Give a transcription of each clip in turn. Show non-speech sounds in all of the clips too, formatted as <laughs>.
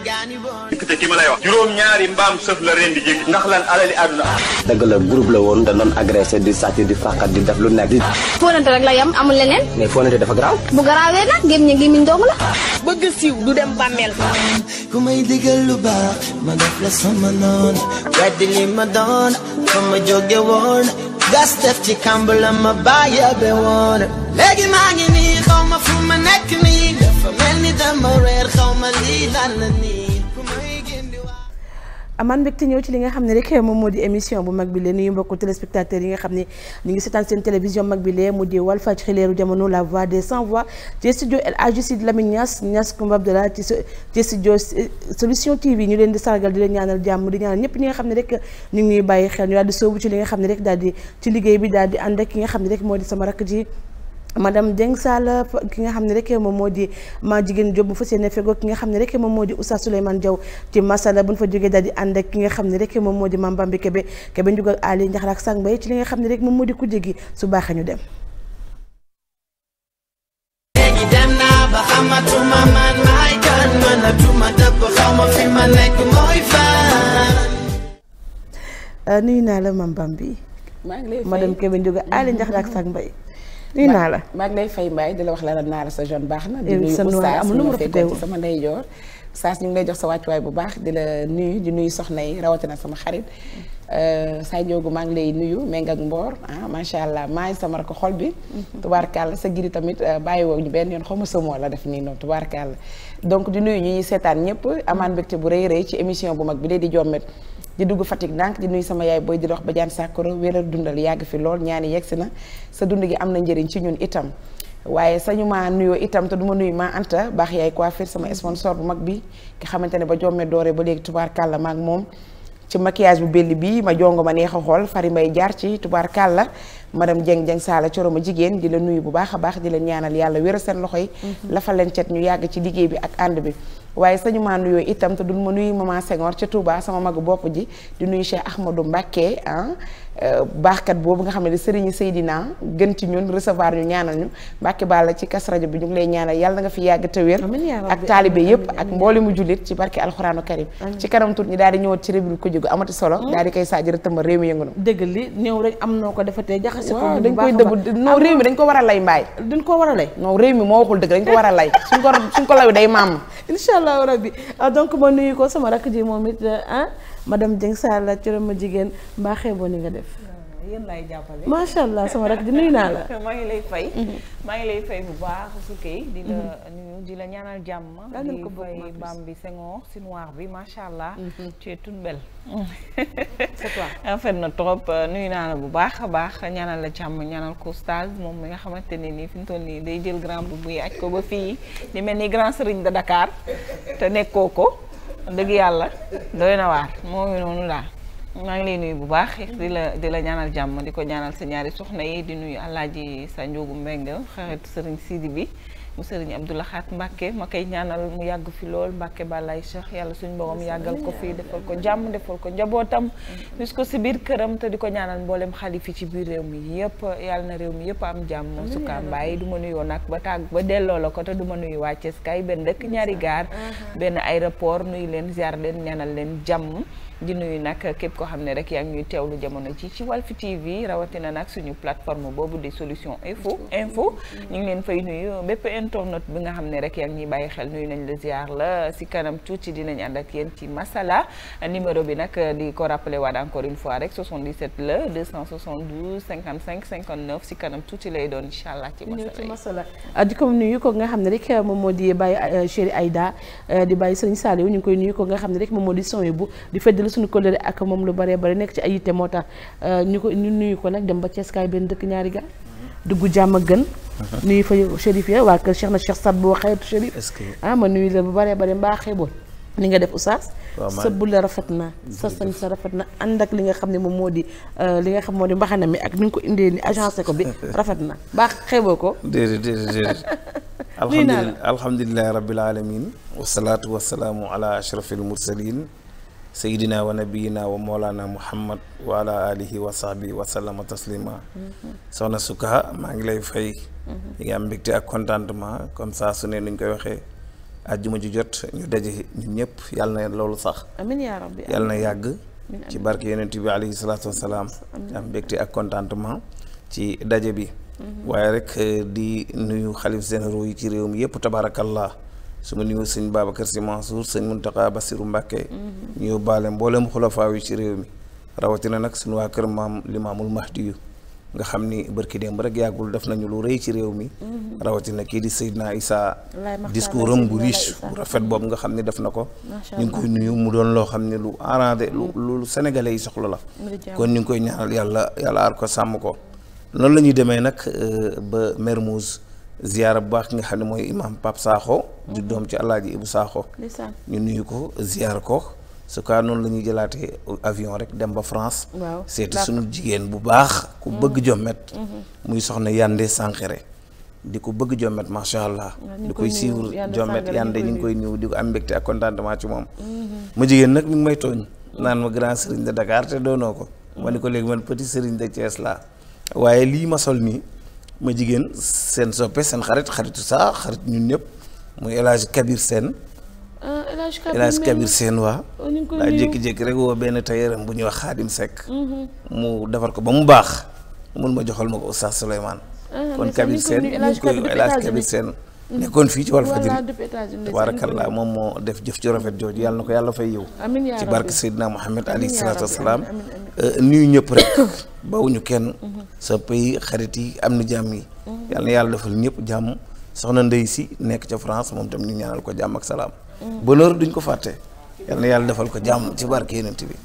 ma lay wax juróom-ñaari mbaam sëf la ren di jéggi ndax lan alali àdduna dëgg la groupe la woon da doon agressé di sàcc di fàqat di def lu nekk di fóonante rek la yem amul leneen mais fóonante dafa garaaw bu garaawee nag gém ña ngi miñ dong la bëgg siiw du dem bàmmeel ku may digal lu baax ma def la sama noon weddi li ma doon fa ma jóge woon gas def ci kàmb la ma bàyyi be léegi maa ngi nii xaw ma fu ma nekk nii dama reer xaw ñëw ci li nga xam ne rek moom moo di émission bu mag bi lee nuyu mbokku téléspectateurs yi nga xam ne ñu ngi seetaan seen télévision mag bi lee mu di Walfadjri leeru jamono la voix des sans voix ci studio El Hadji Sidy Lamine Niass Niass Koumba Abdallah ci ci studio solution tv ñu leen di sargal di leen ñaanal jàmm di ñaanal ñëpp ñi nga xam ne rek ñu ngi ñuy bàyyi xel ñu daal di soobu ci li nga xam ne rek daal di ci liggéey bi daal di ànd ak ki nga xam ne rek moo di sama rakk madame Dieng Sall ki nga xam ne rek moom moo di maa jigéen Diop bu fas yéene fegoo ki nga xam ne rek moom moo di Oustaz Souleymane jaw ci masala bu ñu fa jógee daal di ànd ak ki nga xam ne rek moom moo di Mame Bambi Kébé Kébé Ndiouga ak Ali Ndiakhate ak Sang Bay ci li nga xam ne rek moom moo di kujje gi su baaxee ñu dem. Euh, nuyu naa la Mame Bambi. maa ngi lay fay madame Kébé Ndiouga ak Ali Ndiakhate ak Sang nuy naa la maa ngi lay fay Mbaye di la wax la la naa la sa jon baax na. di nuyu oustaz mu ma fekkoon sama ndeyjoor. saa ñu ngi lay jox sa wàccuwaay bu baax di la nuyu di nuyu soxna yi rawatina sama xarit. Euh, Saay Njoogu maa ngi lay nuyu méng ak mboor ah macha allah maa ngi sama rakk xol bi. Mhm. tubaarkàlla sa giri tamit euh, bàyyi woo ñu benn yoon xaw ma sëmoo la def nii noonu tubaarkàlla. donc di nuyu ñuy seetaan ñëpp amaan mbégte bu rëy rëy ci émission bu mag bi lee di jommet di dugg Fatick ndànk di nuyu sama yaay booy di dox ba jaan sàkkoro wéral dundal yàgg fi lool ñaani yegg si na sa dund gi am na njëriñ ci ñun itam waaye sañu ma nuyoo itam te du ma nuyu maa anta baax yaay coiffure sama sponsor bu mag bi nga xamante ne ba jomme dooree ba léegi tubaar kàlla maak moom ci maquillage bu belli bi ma jongo ma neex a xool fari may jaar ci tubaar kàlla madame Dieng Dieng Sala coro ma jigéen di la nuyu bu baax a baax di la ñaanal yàlla wéral seen loxo yi mm-hmm. lafa leen cet ñu yàgg ci liggéey bi ak ànd bi waaye sañu maa yooyu itam te dul ma nuyu maman Senghor ca Touba sama magu bopp ji di nuyu Cheikh Ahmadou Mbacke ah euh, baaxkat boobu nga xam ne di sëriñ Seydina gën ci ñun recevoir ñu ñaanal ñu Mbacke la ci kas rajo bi ñu ngi lay ñaanal yàlla nga fi yàgg te wér ak taalibe yëpp ak mboole mu jullit ci barke alxuraanu karim ci kanam tuut ñi daal di ñëwat ci réew ko jógu amati solo hmm? daal di koy saajëra tëmbal réew mi yëngu na dëgg li néew rek am noo ko defatee jaxase ko dañ koy dëbb non réew mi dañ ko war a lay mbaay dañ ko war a lay non réew mi moo waxul dëgg ko war a <laughs> allahu bi ah, donc ma nuyu ko sama rakk ji moom it ah ma dem madame Dieng la ci ma jigéen mbaaxee boo ni nga def yéen lay jàppale. macha allah sama rak di nuyu naa la. <laughs> maa ngi lay fay. Mhm. maa ngi lay fay bu baax su kay di la mhm. ñaanal jàmm. di fay bam bi sengoor si noir bi macha allah. Mhm. tu es toute <laughs> na trop nuyu naa la bu baax a baax ñaanal la jàmm ñaanal ko moom mi nga xamante ne nii fi mu toll nii day jël grand bu buy aj ko ba fii di mel ni grand sëriñ de dakaar te nekkoo ko dëgg yàlla doy na waar moo noonu daal. maa ngi lay nuyu bu baax di la di la ñaanal jàmm di ko ñaanal sa ñaari soxna yi di nuyu alaaji sa njóogu mbeng xarit sëriñ siidi bi mu sëriñ Abdou Lahat Mbàkke ma koy ñaanal mu yàgg fi lool Mbàkke balaay Cheikh yàlla suñu borom yàggal ko fii defal ko jàmm defal ko njabootam bis ko si biir këram te di ko ñaanal mboolem xalif yi ci biir réew mi yëpp yàlla na réew mi yëpp am jàmm sukkaa mbaay du ma nuyoo nag ba tàgg ba delloo la ko te du ma nuyu waa kay benn dëkk ñaari gaar benn aéroport nuyu leen ziar leen ñaanal leen jàmm di nuyu nag képp koo xam ne rek yaa ngi ñuy teewlu jamono ji ci Walf TV rawatina nag suñu plateforme boobu di solution info info ñu leen fay nuyu bépp internet bi nga xam ne rek yaa ngi bàyyi xel nuyu nañ la eh, si kanam tuuti lay doon incha ci masala yi ah, ko nuyu ko nga xam ne rek eh, moom di bàyyi eh, chéri Aïda di bàyyi Sëriñ Saliou ñu koy nuyu ko nga xam ne rek moom di son bu di fëddal suñu collègue ak moom lu bëree bëri nekk ci ay yitte moo tax euh, ñu ko ñu nuyu ko nag dem ba Cees kaay benn dëkk ñaari ga dugg jàmm ak gën. Uh-huh. nuyu fa Chérif ya waa kër Cheikh na Cheikh Saad boo xayatu Chérif. ah ma nuyu la bu bëree bëri mbaa xeeboon. ni nga def oustaz sa bulle rafet na sa sañ sa rafet na ànd ak li nga xam ne moom moo di euh, li nga xam moo di mbaxana mi ak ni nga ko indee ni agencé ko bi <laughs> rafet na baax xeeboo ko déedéet déedéet déedéet alhamdulilah <laughs> alhamdulilahi rabbil alamin wasalaatu wasalaamu ala ashrafil mursalin sayidina wa nabiyina wa moolana muhammad wa ala alihi wa sahbi wa sallama taslima soxna Sukka maa ngi lay fay ñi ngi am mbégte ak contentement comme saa su ne nuñ koy waxee àjjuma ju jot ñu daje ñun ñëpp yàlla na loolu sax amiin na yàgg ci barke yonent bi alayhi salaatu wasalaam am mbégte ak contentement ci daje bi mhm. waaye rek eh, di nuyu xalif généraux yi ci réew mi yëpp tabarakallah su ma nuyoo sëñ Babacar Sy Mansour sëñ Mountakha Bassirou Mbacké mm-hmm. ñu yóbbaale mboolem xulafaaw yi ci réew mi rawatina nag suñu waa kër maam limaamul mahdi yu nga xam ni bërki démb rek yàggul def nañu lu rëy ci réew mi mm-hmm. rawatina kii di Seydina Issa discours am bu riche bu rafet boobu nga xam ni def na ko ñu ngi koy nuyu mu doon loo xam ne lu arrangé lu mm-hmm. lu sénégalais yi soxla la kon ñu ngi koy ñaanal yàlla yàlla aar ko sàmm ko loolu la ñuy demee nag euh, ba Mermoz ziyaara bu baax ki nga xam ne mooy imaam Pape Sakho di mhm. doom ci alaaji Ibu Sakho ñu nuyu ko ziyaar ko su kaa noonu la ñuy jëlaatee avion rek dem ba France seeti suñu jigéen bu baax ku mhm. bëgg jommet mhm. muy soxna Yandé Sankhéré di ko bëgg jommet macha allah di koy suivre jommet Yandé ñu ngi koy ñëw di ko am mbégte ak contentement ci moom ma jigéen nag may tooñ naan ma grand sëriñ de Dakar te doonoo ko ma ni ko léegi man petit sëriñ de Thiès laa waaye lii ma ma jigéen seen soppe seen xarit xaritu saa xarit ñun ñëpp mu El Hadj Kabir seen El Hadj Kabir Sène ah, waa. Oh, daa jékki-jékki rek woo benn tayeeram bu ñuy wax Xaadim Seck. Mhm. mu defar ko ba mu baax mun ma joxal ma ko Oustaz Souleymane. Ah, kon Kabir Sène ñu Kabir Sène. nekkoon fii ci Walfadjri tabaarakallaa moom moo def jëf ci rafet jooju yàlla na ko yàlla fay yow ci barke Seydina Mouhamed alayhi salaatu wasalaam <coughs> euh, nuyu ñëpp rek <coughs> bawuñu kenn mhm. sa pays xarit yi am na jàmm yi mhm. yàlla na yàlla defal ñëpp jàmm soxna Ndey si nekk ca France moom tam ñu ñaanal ko jàmm ak salaam mhm. bonheur duñ ko fàtte yàlla na yàlla defal ko jàmm ci barke Yonent bi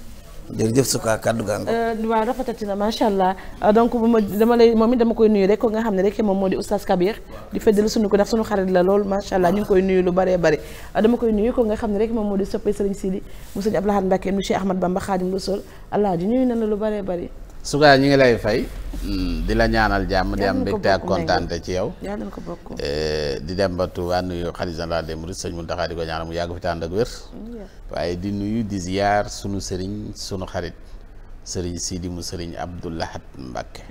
jërëjëf su kaa kàddu gaa nga euh, waaw rafetati na macha allah euh, donc bu ma dama lay moom it dama koy nuyu rek nga xam ne rek moom moo di oustaz Kabir di feddali suñu ko ndax suñu xarit la lool macha allah ñu ngi koy nuyu lu baree bare euh, dama koy nuyu ko nga xam ne rek moom moo di soppee sëriñ Sidi mu sëriñ Abdoul Ahad Mbacké mu Cheikh Ahmad Bamba Khadim Rassoul allah di nuyu na la lu baree bare Souga ñu ngi lay fay mm, di la ñaanal jàmm di am mbégte ak kontaante ci yow eh, di dem ba Touba nuyu xalifa général des mourides sëñ Mountakha di ko ñaanal mu yàgg fi tànd ak wér waaye di nuyu di ziyaar sunu sëriñ sunu xarit sëriñ Sidi sëriñ Abdou Lahad Mbacke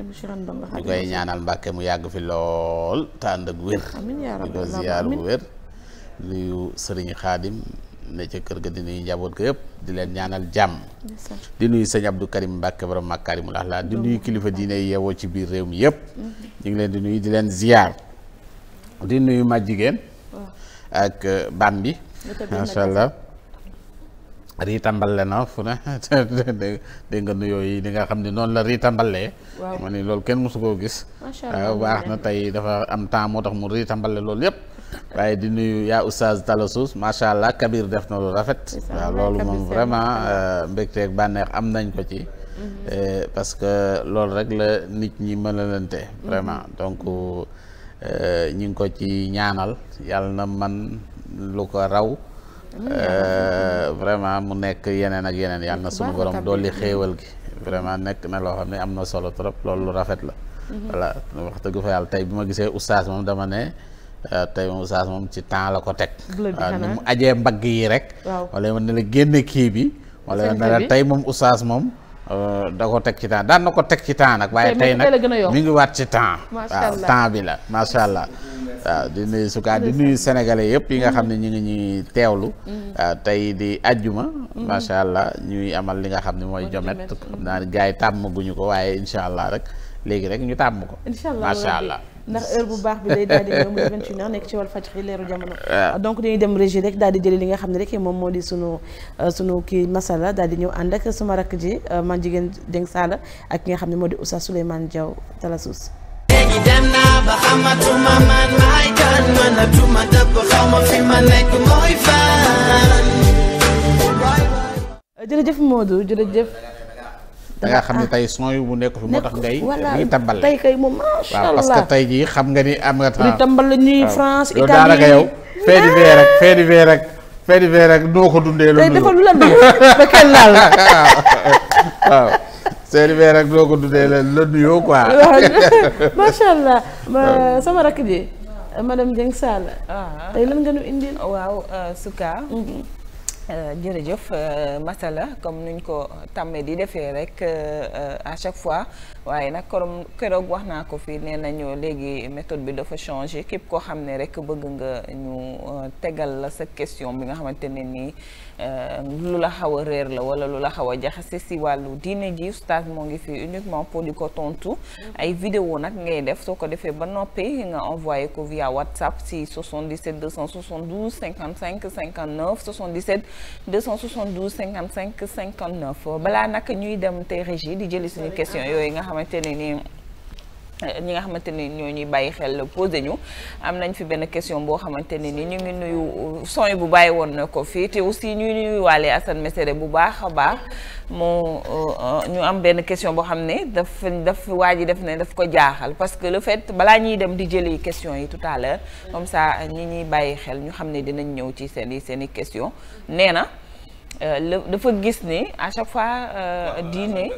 di koy ñaanal Mbacke mu yàgg fi lool tànd ak wér di ko ziyaar bu wér nuyu sëriñ Xaadim ne kër ga di njaboot ga yëpp di leen ñaanal jàmm di nuyu sëñ Abdou Karim Mbàkke borom Makaarimul Axlaaq di nuyu kilifa diine yeewoo ci biir réew mi yëpp mhm. ñu ngi leen di nuyu di leen ziyaar di nuyu ma jigéen ak euh, bam bi masha allah riitambale na fu ne <laughs> dégg nga nuyoo yi di nga xam ne noonu la riitambalee ma ni loolu kenn mosu koo gis ah, waaw baax na tey dafa am temps moo tax mu riitambale loolu yëpp waaye di nuyu yaa oustaz Talassous macha allah Kabir def na lu rafet. waaw loolu moom vraiment euh, mbégteeg bànneex am nañ ko ci. Mhm. Euh, parce que loolu rek la nit ñi mënalante. vraiment mhm. donc euh, ñi ngi ko ci ñaanal yàlla na man lu ko raw. vraiment mu nekk yeneen ak yeneen yàlla na sunu borom dolli xéewal gi. Mhm. vraiment nekk na loo xam ne am na solo trop loolu lu rafet la. voilà wax dëgg fa yàlla tey bi ma gisee oustaz moom dama ne. Euh, tey moom saas moom ci temps la ko teg waaw euh, ni mu ajee mbagg yi rek wala yow ne la génne kii bi wala yow ne la tey moom oustaz moom euh, da ko teg ci temps daan ko teg ci temps nag waaye tey nag mi ngi waat ci temps waaw temps bi la macha allah waaw di nuyu sukaa di nuyu sénégalais yëpp yi nga xam ne mm. ñu ngi ñuy teewlu mm. tey di ajjuma mm. macha allah ñuy amal li nga xam ne mooy jomet xam naa gars yi tàmm guñu ko waaye incha allah rek léegi rek ñu tàmm ko macha allah ndax heure bu baax bi day daal di ñëw muy 21h nekk ci Walfadjri leeru jamono. Ah. donc dañuy dem régie rek daal di jëli li nga xam ne rek moom moo di sunu euh, sunu kii masala daal di ñëw ànd ak suma rakk ji euh, man jigéen Dieng Sala ak ki nga xam ne moo di Oustaz Souleymane Diaw Talasus. léegi dem naa ba xamatuma man maay kan mënatuma dëpp xaw ma fi ma nekk mooy fan. Euh, jërëjëf Modou jërëjëf. da nga xam ne ah. tey son yu mu nekk fi moo tax ngay. lii tàmbale tey kay moom macha parce que tey jii xam nga ni am nga. temps lii tàmbale ñuy France Italie loolu daanaka ko dundee. loolu dafa lu la <laughs> ko dundee la nuyoo <laughs> <laughs> sama rakk ji. madame Dieng Sall. Ah. tey lan nga nu indil. waaw euh, Souka. Mm-hmm. Euh, jërëjëf euh, Masala comme nuñ ko tàmmee di defee rek euh, à chaque fois waaye nag korom keroog wax naa ko fii nee nañu léegi méthode bi dafa changé képp koo xam ne rek bëgg nga ñu euh, tegal la sa question bi nga xamante ne nii euh, lu la xaw a réer la wala lu la xaw a jaxase si wàllu diine ji oustaz moo ngi fi uniquement pour di ko tontu mm-hmm. ay vidéo nag ngay def soo ko defee ba noppi nga envoyé ko via whatsapp si 77 272 55 59 77 272 55 59 balaa nag ñuy dem tey régie di jëli suñu question ah. yooyu nga xam xamante ne nii eh, ñi nga xamante ni ñoo ñuy bàyyi xel posé ñu am nañ fi benn question boo xamante ne nii ñu ngi nuyu son bu bàyyi woon na ko fii te aussi ñuy nuyu waale Assane Mesere bu baax a baax mu euh, ñu am benn question boo xam ne daf daf waa ji def ne daf ko jaaxal parce que le fait balaa ñuy dem di jëli question yi tout à l'heure comme ça ñi ñuy bàyyi xel ñu xam ne dinañ ñëw ci seen i seen i question nee Euh, dafa gis ni à chaque fois euh, diine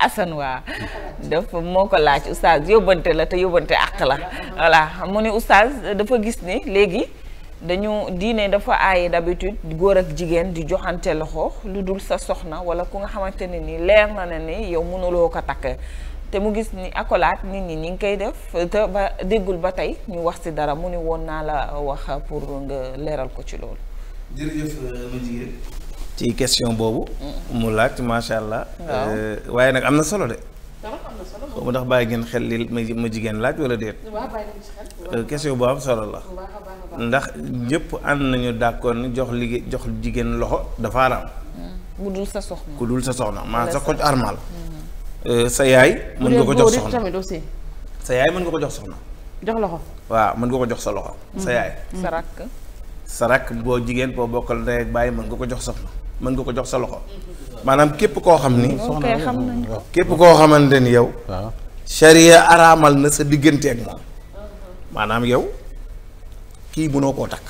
asan waa <laughs> dafa moo ko laaj oustaz yóbbante la te yóbbante àq la voilà mu ne oustaz dafa gis ni léegi dañu diine dafa aaye d'habitude góor ak jigéen di joxante loxo lu dul sa soxna wala ku nga xamante ne ni leer na ne ni yow mënuloo ko takk te mu gis ni accolade nit ñi ñi ngi koy def te ba déggul ba tey ñu wax si dara mu ni woon naa la wax pour nga leeral ko ci loolu ci question boobu. mu laaj macha allah. Euh, waaye nag am na solo de. xaw ma ndax bàyyi ngeen xel li ma jigéen laaj wala déet. Euh, question bu am solo la. ndax ñëpp ànd nañu d'accord ni jox liggéey jox jigéen loxo dafa araam. Hmm. ku dul sa soxna ku dul sa soxna maa sa ko armal. Hmm. Euh, sa yaay mën nga ko jox soxna sa yaay mën nga ko jox soxna. jox loxo. waaw mën nga ko jox sa loxo. sa hmm. yaay. sa rakk. sa rakk boo jigéen boo bokkal ndey ak bàyyi mën nga ko jox soxna. mën nga ko jox sa loxo maanaam képp koo xam ni képp koo xamante ni yow ah. sharia araamal na sa diggante ak moom maanaam yow kii mënoo koo takk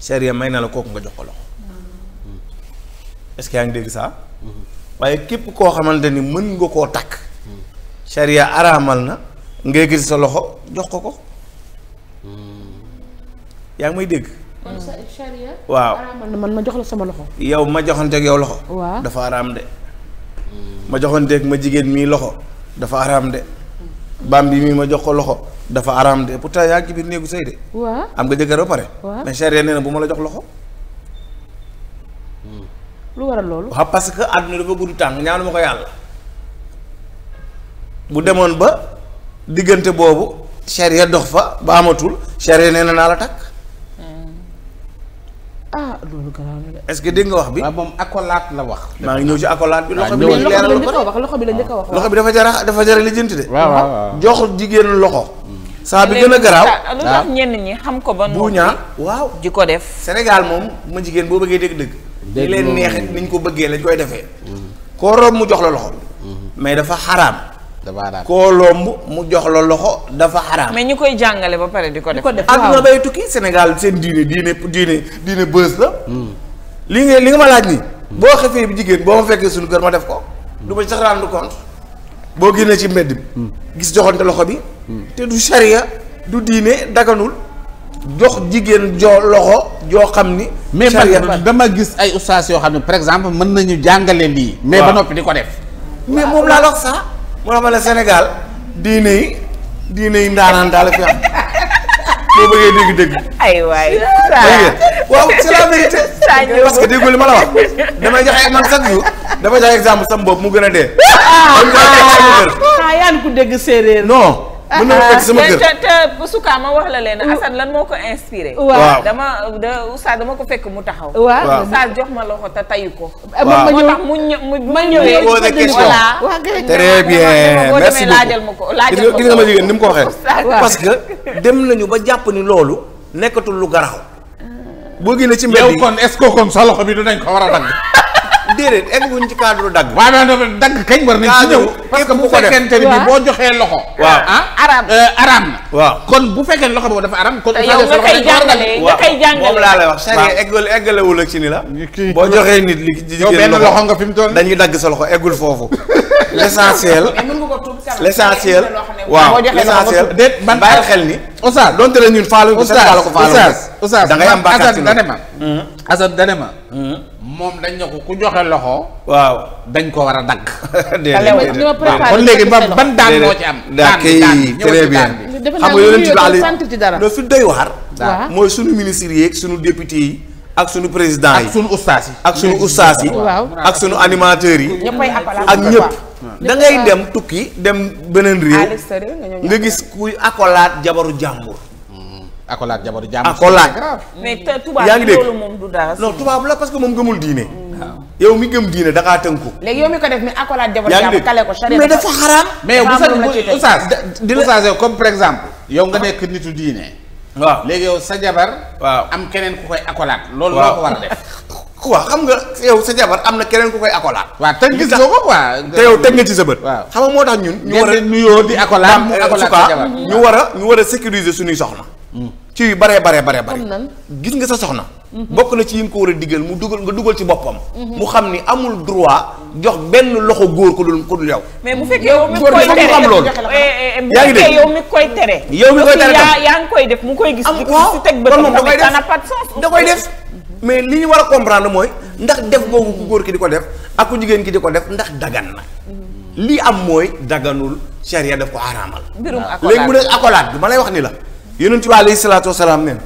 sharia may na la kooku nga jox ko loxo hmm. est-ce que yaa ngi dégg saa hmm. waaye képp koo xamante ni mën nga koo takk sharia araamal na ngay gis sa loxo jox ko ko hmm. yaa ngi may dégg waaw man ma jox la sama loxo. yow ma joxanteeg yow loxo. dafa araam de. ma joxanteeg ma jigéen mii loxo dafa araam de. baam bi mii ma jox ko loxo dafa araam de pourtant yaa ngi ci biir néegu sëy de. am nga jëkkër ba pare. waaw mais charia nee bu ma la jox loxo. lu waral loolu. waaw parce que àdduna dafa gudd tàng ñaanu ma ko yàlla. bu demoon ba diggante boobu charia dox fa ba amatul charia nee na naa la takk. ah loolu garaaw na de. est dégg nga wax bi. waaw moom accolade la wax. maa ngi ñëw ci accolade bi. loxo bi la njëkk a wax loxo bi la dafa jara dafa jara lijjanti de. waaw waaw jox jigéen loxo. saa bi gën a garaaw lu tax ñenn ñi xam ko ba. bu ñaa waaw ji ko def. Sénégal moom ma jigéen boo bëggee dégg dëgg. dégg leen neexit niñ ko bëggee lañ koy defee. Mm. koo rob mu jox la loxo. Mm. mais dafa xaraam. dafa koo lomb mu jox la loxo dafa xaraam. mais ñu koy jàngale ba pare di ko def. adduna bay tukki Sénégal seen diine diine diine diine bës la. li nga li nga ma laaj nii. boo xefee bi jigéen boo ma fekkee suñu kër ma def ko. du ma sax rendre compte. boo génnee ci mbedd bi. gis joxante loxo bi. te du charia du diine daganul. jox jigéen jo loxo joo xam ni. mais man dama gis ay ustaas yoo xam ne par exemple mën nañu jàngale lii. mais ba noppi di ko def. mais moom laa moo tax ma ne Sénégal diine yi diine yi ndaanaan daal la fi am boo bëggee dégg dégg. ay waay waaw c'est la vérité. parce que déggu li ma la wax damay joxe man chaque jour dafa joxe exemple sam bopp mu gën a dee. ah ah dégg séeréer. non. mën na ma fekk sama kër <laughs> te te ma wax la leen Assane lan moo ko inspiré. waaw dama de Oustaz dama ko fekk mu taxaw. waaw Oustaz jox ma loxo te tayu ko. waaw moo tax mu ma ñëwee. voilà très ma ko laajal ma ko ni ko waxee. parce que dem nañu ba jàpp ni loolu nekkatul lu garaaw. boo génnee ci mbedd yi kon est kon sa loxo bi nañ ko war a dagg. déedéet egguñ ci cadre dagg. waaw maanaam dagg kañ war nañ que bu fekkente ni boo joxee loxo. waaw ah, ah euh, araam na. waaw kon bu fekkee loxo boobu dafa araam. kon yow nga koy jàngalee nga wax. waaw sëñ eggale eggalewul ak ci ni la. boo joxee nit li ci jigéen benn loxo nga fi mu toll dañuy dagg sa loxo eggul foofu. <laughs> l'essentiel l'essentiel waaw l'essentiel déet man bàyyi xel ni. oustaz donte la ñun faalu. oustaz oustaz oustaz da ngay am bàkkaar ci danema hmm? Assane danema hmm? moom dañ ne ko ku joxe loxo. waaw dañ ko war a dagg. <laughs> kon léegi ban daan moo ci am. daan bi très bien. xam nga yonent bi ali fi doy waar. mooy sunu ministre yeeg sunu député yi. ak sunu président yi ak sunu ustaas yi. ak suñu ustaas yi. ak suñu animateurs yi. ak ñëpp. da ngay dem tukki dem beneen réew. nga gis kuy akolaat jabaru jàmbur. accolade jabaru jàmm. accolade grave. mais tubaab bi loolu moom du dara. non tubaab la parce que moom gëmul diine. da ngaa tënku. léegi yow ko def mi accolade jabaru jàmm kale ko. mais dafa xaraam. mais yow bu sa di la comme am keneen ku koy accolade. loolu moo ko war a xam nga sa jabar am na keneen ku koy accolade. waaw teg gis nga ko quoi. te yow teg nga ci sa bët. waaw moo tax ñun. ñu war a nuyoo di accolade mu accolade sa jabar ñu war a ñu war suñuy soxna. Hmm. ci yu baree baree baree bare gis nga sa soxna bokk na ci yi nga ko war a digal mu dugal nga dugal ci boppam mu xam ni amul droit jox benn loxo góor ko dul ko dul yow mais bu fekkee yow mi koy tere xam loolu eh, eh, eh, yaa ngi dégg yow mi koy tere yow mi koy tere yaa koy def mu koy gis ci teg bëtam moom da koy def da koy def mais li ñu war a comprendre mooy ndax def boobu ku góor ki di ko def ak ku jigéen ki di ko def ndax dagan na li am mooy daganul charia def ko araamal léegi mu a accolade bi ma lay wax ni la yonent bi alayhi salaatu neen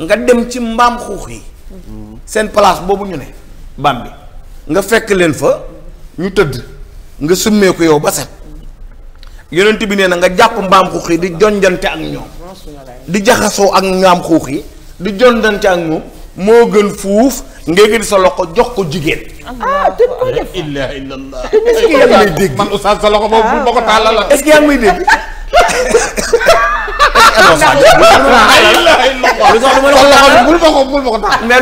nga dem ci mbaam xuux yi mhm. seen place boobu ñu ne mbaam bi nga fekk leen fa ñu tëdd nga summee ko yow ba set ti bi nee na nga jàpp mbaam xuux yi di jonjante ak ñoom di jaxasoo ak mbaam xuux yi di jonjante ak moom moo gën fuuf ngéegin sa loxo jox ko jigéen. ah te ko def ilaaha illallaah <laughs> est-ce que yaa ngi may dégg tàllal la <laughs> bul ma ko bul loolu ma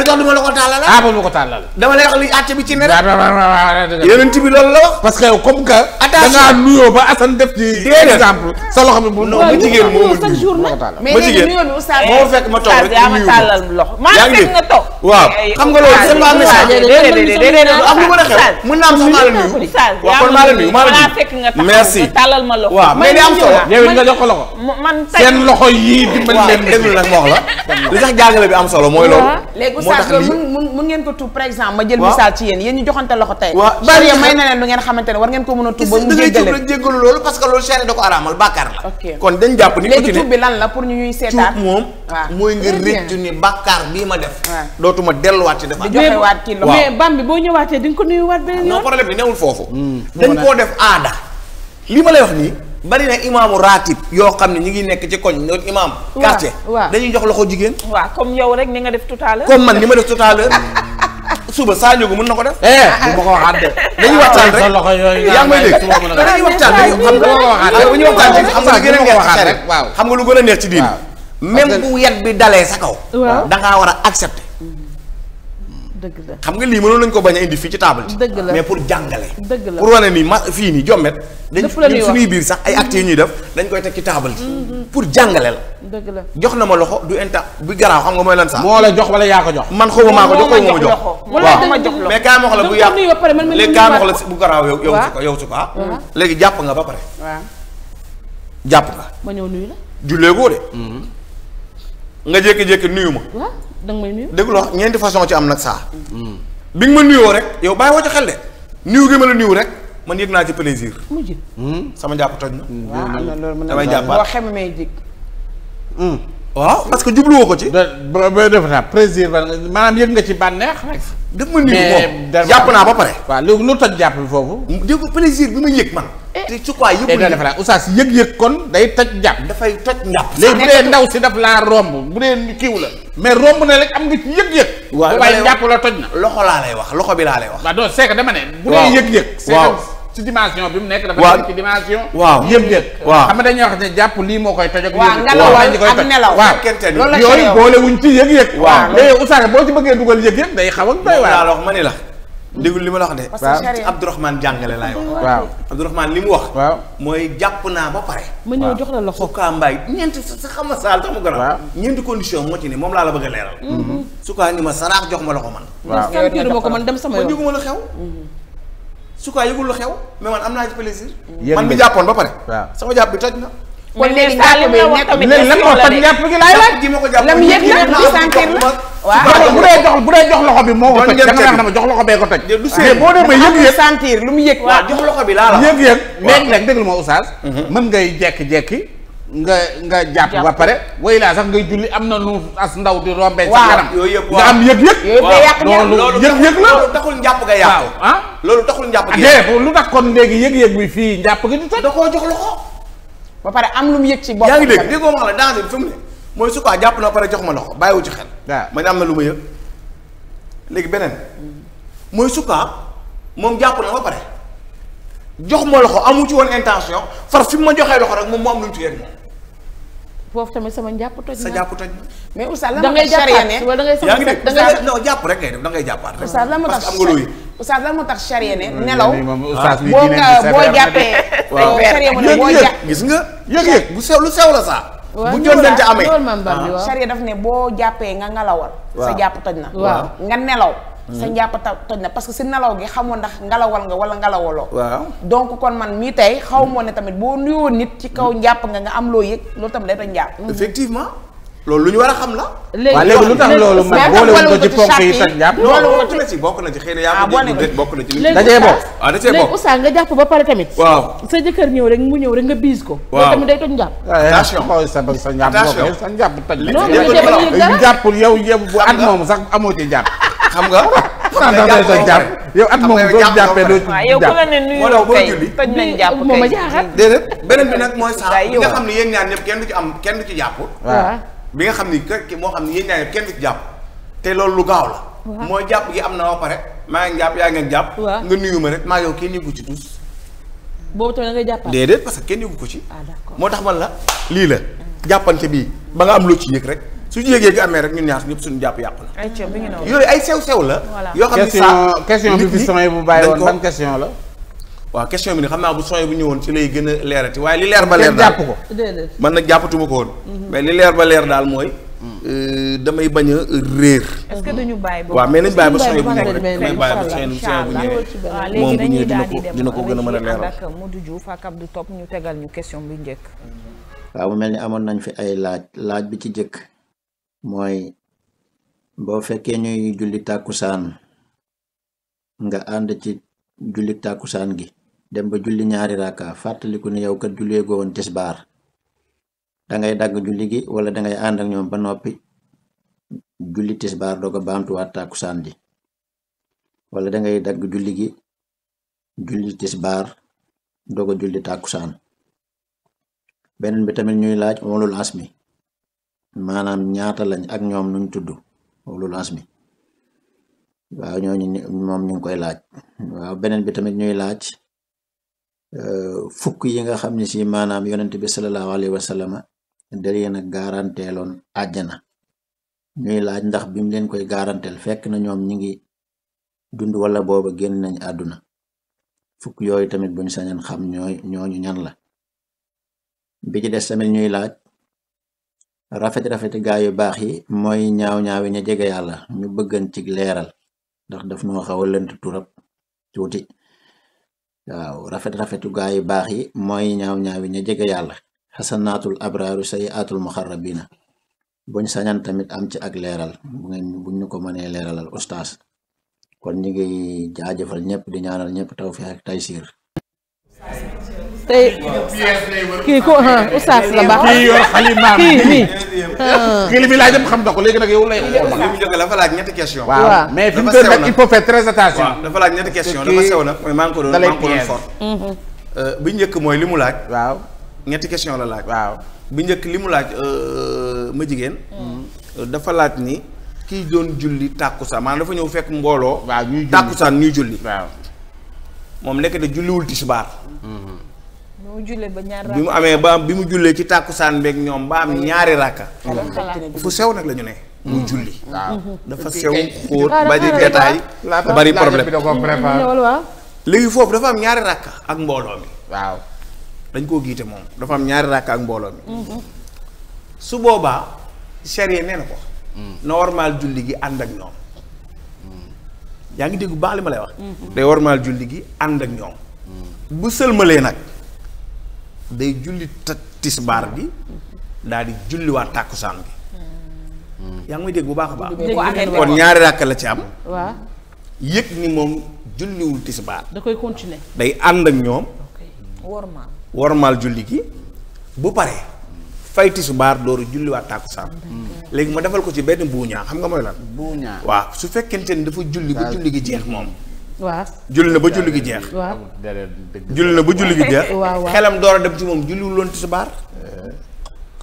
jigéen moo ma jour ma jigéen ma toog ma loxo ma nga toog nga loolu a merci taalal ma loxo waaw mais li am solo yow nga jox ko loxo man seen loxo loxo yii dimbali leen déglu nag moox la <laughs> li tax jàngale bi am solo mooy loolu léegi sax loolu mun mun ngeen ko tuub par exemple ma jël misaal ci yéen yéen ñu joxante loxo tey waaw bari may na leen a tuub kon dañ jàpp ni léegi ñu ñuy seetaat moom waaw mooy nga ni bàkkaar bii ma def dootuma delluwaat ci defaat di joxewaat kii loxo mais bam bi boo ñëwaatee di nga ko nuyuwaat beneen yoon non problème bi newul foofu mm. dañ koo def aada li ma lay wax nii bari na imaamu raatib yoo xam ne ñu ngi nekk ci koñ ñoom imaam. quartier dañuy jox loxo jigéen. waaw comme yow rek ni nga def tout à l'heure comme man ni ma def tout <laughs> suba saa ñëw mën na ko def. Eh, eh. bu ma ko waxaat de. dañuy ah, waxtaan rek yaa ngi may dégg dañuy waxtaan rek xam nga xam nga lu gën a neex ci a neex ci diin. même bu yet bi dalee sa kaw. da ngaa war a accepter. dëgg xam nga lii mënoon nañu ko bañ a indi fii ci taabal ji. dëgg la mais pour jàngale. dëgg la pour wane ni ma fii nii jommet. dañ suñuy biir sax ay actes yi ñuy def dañ koy teg ci table ji. Mm-hmm. pour jàngale la. la jox na ma loxo du inta bi garaaw xam nga mooy lan sax. moo jox wala yaa ko jox. man xaw ma maa ko jox xaw ma ma jox waaw mais kaay ma wax la bu yàq léegi kaay ma wax la bu garaaw yow yow su ko yow su ko ah. léegi jàpp nga ba pare. waaw jàpp nga. ma ñëw nuyu la. jullee goo de. Mm-hmm. nga jékki-jékki nuyu ma. da nga may nuyu. dégg loo ñeenti façon ci am nag saa. Hmm. bi nga ma nuyoo rek yow bàyyi woo ci xel de. nuyu gi ma la nuyu rek man yëg naa ci plaisir. mujj hmm. sama jàpp toj na. Hmm. waaw loolu mën na damay jàppaat boo xamee jig. waaw parce que jubluwoo ko ci. ba def naa plaisir maanaam yëg nga ci bànneex rek. ma nii moom jàpp naa ba pare. waa léegi lu toj jàpp bi foofu. Mm, dégg plaisir bi ma yëg man. Eh. te su quoi yëg eh, ma yëg kon day toj jàpp. dafay toj njàpp. léegi bu dee ndaw si daf laa romb bu dee kiiw la. mais romb na rek am nga ci yëg-yëg. waaw waaye njàpp la toj na. loxo laa lay wax loxo bi laa lay wax. waaw donc c'est dama ne. bu dee yëg-yëg. waaw ci dimension bi mu nekk. dafa nekk ci dimension. waaw yëpp yëpp. waaw xam nga dañuy wax ne jàpp lii moo koy toj ak. waaw ngelaw ak nelaw ma ni la déglu li ma la wax de. waaw ci Abdourahmane jàngale laay wax. waaw Abdourahmane li mu wax. mooy jàpp naa ba pare. ma ñëw jox la loxo Souka Mbaye ñeenti sa xam nga saal tax mu gën a. ñeenti moo ci ne moom laa la bëgg a leeral. Mm-hmm. Souka ni ma saraax ma loxo man. waaw yooyu dina ko mën dem sama yoon su ko yëgul lu xew mais man am naa ci plaisir. man mi jàppoon nekk bu dee jox bu dee bi moo ko toj dafa naan dama jox loxo boo demee yëg yëg sentir lu mu bi laa la yëg yëg. waaw léegi nag déglu ma oustaz. Mhm. mën ngay jekki jekki nga nga jàpp ba pare. way laa sax ngay julli am na nu as ndaw di rombee. ci kanam nga am yëg-yëg. loolu taxul njàpp nga yàq. ah loolu taxul njàpp nga ah, lu tax léegi yëg-yëg bi fii njàpp gi di toj. da koo jox loxo. ba pare am lu mu yëg ci boppam. yaa ngi dégg déggoo wax la danger bi fi mu ne mooy ko jàpp na pare jox ma loxo bàyyiwu ci xel. waaw man am na lu ma yëg. léegi beneen mooy su moom jàpp na ba pare jox ma loxo amu ci woon intention far fi ma joxee loxo rek moom mu am lu mu ci yëg moom foofu tamit sama njàpp toj sa jàpp toj mais Oustaz la da ngay jàppaat wala da ngay yaa ngi dégg da jàpp rek da ngay jàppaat rek Oustaz la moo tax am nga la moo tax charia ne nelaw boo boo jàppee charia mu ne boo jàpp gis nga yëg-yëg bu sew lu sew la bu ñoom dañ ca amee loolu maam Bambi waaw ne boo jàppee nga ngelawal sa jàpp toj na waaw nga nelaw sa njàpp toj na parce que si nelaw gi xamoo ndax ngelawal nga wala ngelawaloo waaw donc kon man mii tey xaw moo ne tamit boo nuyoo nit ci kaw njàpp nga nga am loo yëg loolu tamit day toj njàpp effectivement loolu lu ñu war a xam la. léegi lu tax loolu man boolewul ko ci ponk yi sax jàpp. loolu bokk bokk na ci xëy na yaa ah, bokk da cee bokk waaw da cee bokk léegi oustaz nga jàpp ba pare tamit. sa jëkkër ñëw rek mu ñëw rek nga biis ko. waaw loolu tamit day toj njàpp. Ah, eh, attention sa njàpp bokk sa njàpp toj. loolu lu jëm yow yow bu at moom sax amoo ci jàpp. xam nga. xam nga jàpp sa jàpp yow at moom doo jàppee doo ci jàpp moo tax boo julli toj nañ jàpp kay moom a jaaxal déedéet beneen bi nag mooy saa nga xam ne yéen ñaar ñëpp kenn du ci am kenn ci jàpp waaw bi nga xam ni kii moo xam ni yéen ñaa kenn du jàpp te lool lu gaaw la. mooy jàpp gi am na ma pare maa ngi jàpp yaa ngeen jàpp. nga nuyu ma rek maa yow kenn yëgu ci tuus. boobu tamit da ngay parce que kenn yëgu ko ci. Ah, moo tax man la lii la. jàppante bi ba nga am loo ci yëg rek. su ñu yëgee gi amee rek ñun ñaar ñëpp suñu jàpp yàqu na. yooyu ay sew sew la. yoo xam ni saa question question bi fi samay bu bàyyi woon ban question la. waaw question bi ni xam naa bu sooy bu ñëwoon ci lay gën a leerati waaye li leer ba leer daal ko man nag jàppatuma ko woon mhm. mais li leer ba leer daal mooy mhm. euh, damay bañ a réer est-ce ba waaw mais nañ dina ko dina ko gën a mën a leeral moo Modou Diouf ak Abdou Top ñu tegal ñu question bi njëkk waaw mu mel ni amoon nañ fi ay laaj laaj bi ci njëkk mooy boo fekkee ñuy julli tàkkusaan nga ànd ci julli tàkkusaan gi dem ba julli ñaari raaka fàttaliku ne yow kat jullee goo woon tisbaar dangay dagg julli gi wala dangay ànd ak ñoom ba noppi julli tisbaar doo ko baamtuwaat tàkkusaan ji wala dangay dagg julli gi julli tisbaar doo julli tàkkusaan beneen bi tamit ñuy laaj ulul mi maanaam ñaata lañ ak ñoom nuñ tudd ulul azmi waaw ñooñu moom ñu ngi koy laaj waaw beneen bi ñuy laaj fukk yi nga xam ne si maanaam yonent bi sallallahu alayhi wa sallam daleen a gaaranteeloon àjjana ñuy laaj ndax bim leen koy gaaranteel fekk na ñoom ñi ngi dund wala booba génn nañ àdduna fukk yooyu tamit buñ sañan xam ñooy ñooñu ñan la bi ci des tamit ñuy laaj rafet rafet gaa yu baax yi mooy ñaaw ñaawi ña jege yàlla ñu bëgga cig leeral ndax daf noo xaw a lënt turab waaw rafet rafetu gaa yu baax yi mooy ñaaw ñaawi ña jege yàlla xasanaatul abraaru sayiaatul muxarrabina buñ sañan tamit am ci ak leeral bu buñ ñu ko mënee leeralal ustaas kon ñu ngi jaajëfal ñëpp di ñaanal ñëpp tawfiq ak taysiir tey kii ko oustaz la baax kii yor xalima kii kii li muy laaj dem xam na ko léegi nag yow lay xool li mu jóge dafa laaj ñetti question waaw mais fi mu toll nag il faut ko doon bi njëkk mooy li mu laaj waaw ñetti question la laaj waaw bi njëkk li mu laaj ma jigéen dafa laaj ni kii doon julli tàkkusaan maanaam dafa ñëw fekk mbooloo waaw ñuy tàkkusaan ñuy julli waaw moom nekk de julliwul tisbaar mm-hmm. bi mu amee ba am bi mu jullee ci tàkkusaan beeg ñoom ba am ñaari ràkka fu sew nag la ñu ne mm. mu julli mm-hmm. dafa sew xóot ba di détail bari problème léegi foofu dafa am ñaari ràkka ak mbooloo mi waaw dañ koo giite moom dafa am ñaari ràkka ak mbooloo mm-hmm. boobaa charia nee na war mm. normal julli gi ànd ak ñoom mm. yaa ngi déggu baax li ma lay wax mm-hmm. day normal julli gi ànd ak ñoom bu sëlmalee nag day julli tisbaar bi daal di julliwaat tàkkusaan bi. Hmm. yaa ngi may dégg bu baax a baax. kon ñaari ràkk la ci am. waaw yëg ni moom julliwul tisbaar. day ànd ak ñoom. wormaal julli gi bu paree fay tisbaar dooru julliwaat tàkkusaan. léegi ma defal ko ci benn buuñaa xam nga mooy lan. buuñaa su fekkente ni dafa julli ba julli gi jeex moom. waaw julli na ba julli gi jeex. waaw julli na ba julli gi jeex. xelam door a dem ci moom julliwul woon tisbaar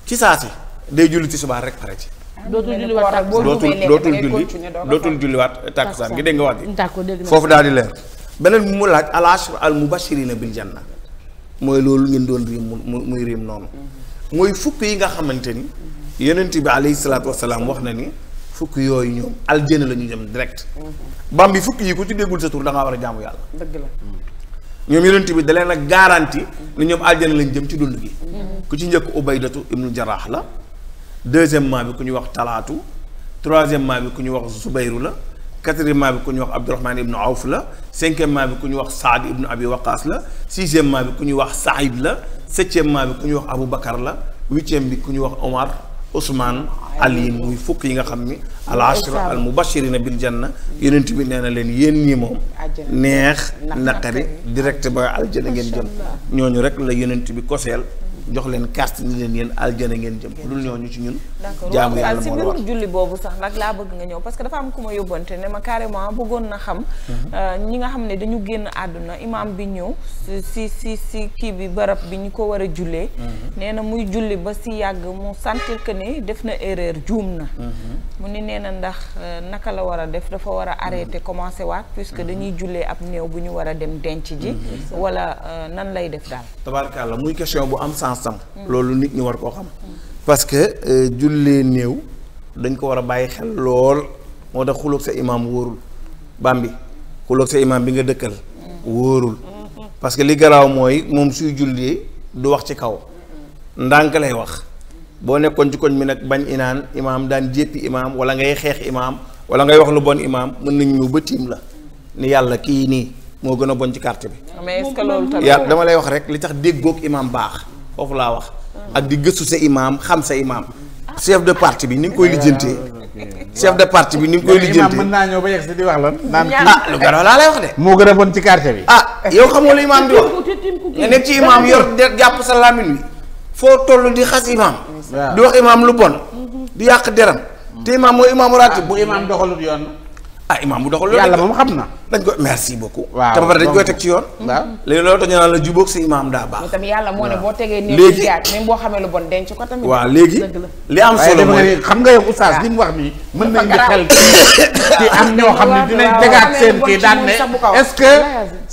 ci eh. si day julli tisbaar rek pare ci. dootul julliwaat ak dootul julli dootul julliwaat tàkkusaan gi dégg nga wax ji. foofu daal di leer. beneen bi mu laaj al ashru al mubashirina bil janna mooy loolu ngeen doon riim mu muy riim noonu. Mm-hmm. mooy fukk yi nga xamante ni. yonent bi alayhi salaatu wasalaam wax na ni. fukki yooyu ñoom aljana la ñu jëm direct bam bi fukk yi ku ci déggul sa tur da ngaa war a jaamu yàlla dëgg la ñoom yonent bi da leen a garanti ne ñoom aljana lañ jëm ci dund gi mhm. ku ci njëkk ubaydatu ibnu jaraax la deuxièmement bi ku ñuy wax talaatu troisièmement bi ku ñuy wax zubayru la quatrièmement bi ku ñuy wax abdurahmaan ibnu awf la cinquièmement bi ku ñu wax saad ibnu abi waqaas la sixièmement bi ku ñuy wax saïd la septièmement bi ku ñuy wax abu bakar la huitième bi ku ñuy wax omar Ousmane Ali muy fukk yi nga xam ni al ashra al mubashirina bil na yonent bi nee na leen yéen ñi moom neex naqari direct ba aljana ngeen jën ñooñu rek la yonent bi koseel jox leen caste ni leen yéen aljana ngeen jëm dul ñooñu ci ñun jaamu yàlla si mbirum julli boobu sax nag laa bëgg nga ñëw parce que dafa am ku ma yóbbante ne ma carrément bëggoon mhm. euh, ñi nga xam ne dañu génn àdduna imaam bi ñëw si si si kii bi barab bi ñu ko war a jullee mhm. nee na muy julli ba si yàgg mu sentir que ni def na erreur juum na mhm. mu ni nee na ndax euh, naka la war a def dafa war a arrêter commencer waat puisque dañuy jullee ab néew bu ñu war a dem denc ji wala euh, nan lay def daal tabaarkalla muy question bu am importance am loolu nit ñi war koo xam parce que euh, jullee néew dañ ko war a bàyyi xel lool moo tax xuloog sa imaam wóorul bambi xuloog sa imaam bi nga dëkkal wóorul parce que li garaaw mooy moom suy jullee du wax ci kaw ndànk lay wax boo nekkoon ci koñ mi nag bañ inaan imaam daan jéppi imaam wala ngay xeex imaam wala ngay wax lu bon imaam mën nañ ñëw ba tiim la ni yàlla kii nii moo gën a bon ci carte bi. mais dama lay wax rek li tax déggoog imaam baax. foofu laa wax. ak di gëstu sa imaam xam sa imaam. chef de parti bi ni nga koy lijjantee. Ah, chef de parti bi ni nga koy lijjantee mën naa ñëw ba yegg si di wax lan. naan ah lu wax de. moo gën a bon ci quartier bi. ah yow xamoo lu imaam di wax. nga nekk ci imaam yor jàpp sa làmmiñ bi. foo toll di xas imaam. di wax imaam lu bon. di yàq deram mm-hmm. te imaam mooy imaam ratib ah, bu imaam doxalut yoon. ah imaam bu doxal loolu yàlla moom xam na. dañ ko merci beaucoup. waaw te ba dañ koy teg ci yoon. waaw léegi loolu tax ñu naan la jubóog si imaam daa baax. yàlla moo ne boo tegee néew bi jaaj boo xamee lu bon denc ko tamit. waaw léegi li am solo mooy xam nga yow oustaz li mu wax nii. mën nañ nga xel ci <coughs> am ñoo xam ne dinañ tegaat seen kii daan ne est-ce que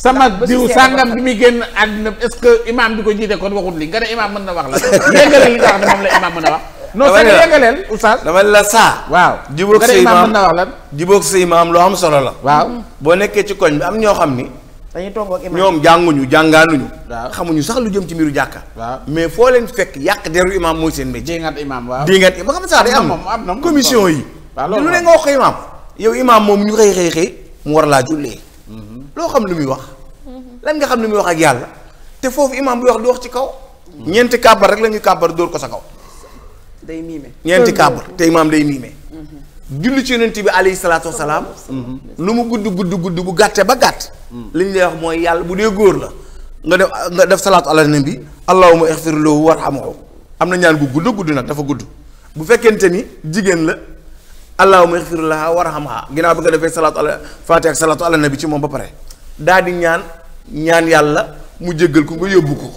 sama diw sàngam bi muy génn àddina est-ce di ko jiite kon waxut li nga ne imaam mën na wax la léegi <coughs> li nga xam ne moom la imaam mën a wax non sa nga yëngaleel oustaz dama la saa waaw jubóog sa imaam mën na wax lan jubóog sa imaam lu am solo la waaw boo nekkee ci koñ bi am ñoo xam ni dañuy toog ak imaam ñoom jànguñu jàngaanuñu xamuñu sax lu jëm ci mbiru jàkka waaw mais foo leen fekk yàq deru imaam mooy seen métier dingat imaam waaw dingat ba xam ne sax day am commission yi lu ne nga wax ko imaam yow imaam moom ñu xëy xëy xëy mu war laa jullee mhm. loo xam lu muy wax mhm. lan nga xam lu muy wax ak yàlla te foofu imaam bu wax du wax ci kaw mhm. ñeenti kàbbar rek la ñuy kàbbar dóor ko sa kaw day miime ñeenti kàbbar tey maam day miime. julli ci yonent bi alayhi salaatu wa salaam. Mhm. lu mu gudd gudd gudd bu gàtte ba gàtt. Mhm. li ñu wax mooy yàlla bu dee góor la nga def nga def salaatu ala nabi allahumma ighfir lahu warhamhu am na ñaan gu gudd gudd nag dafa gudd bu fekkente ni jigéen la allahumma ighfir xam warhamha ginnaaw bi nga defee salaatu ala faati ak salaatu ala nabi ci moom ba pare daal di ñaan ñaan yàlla mu jëggal ko nga yóbbu ko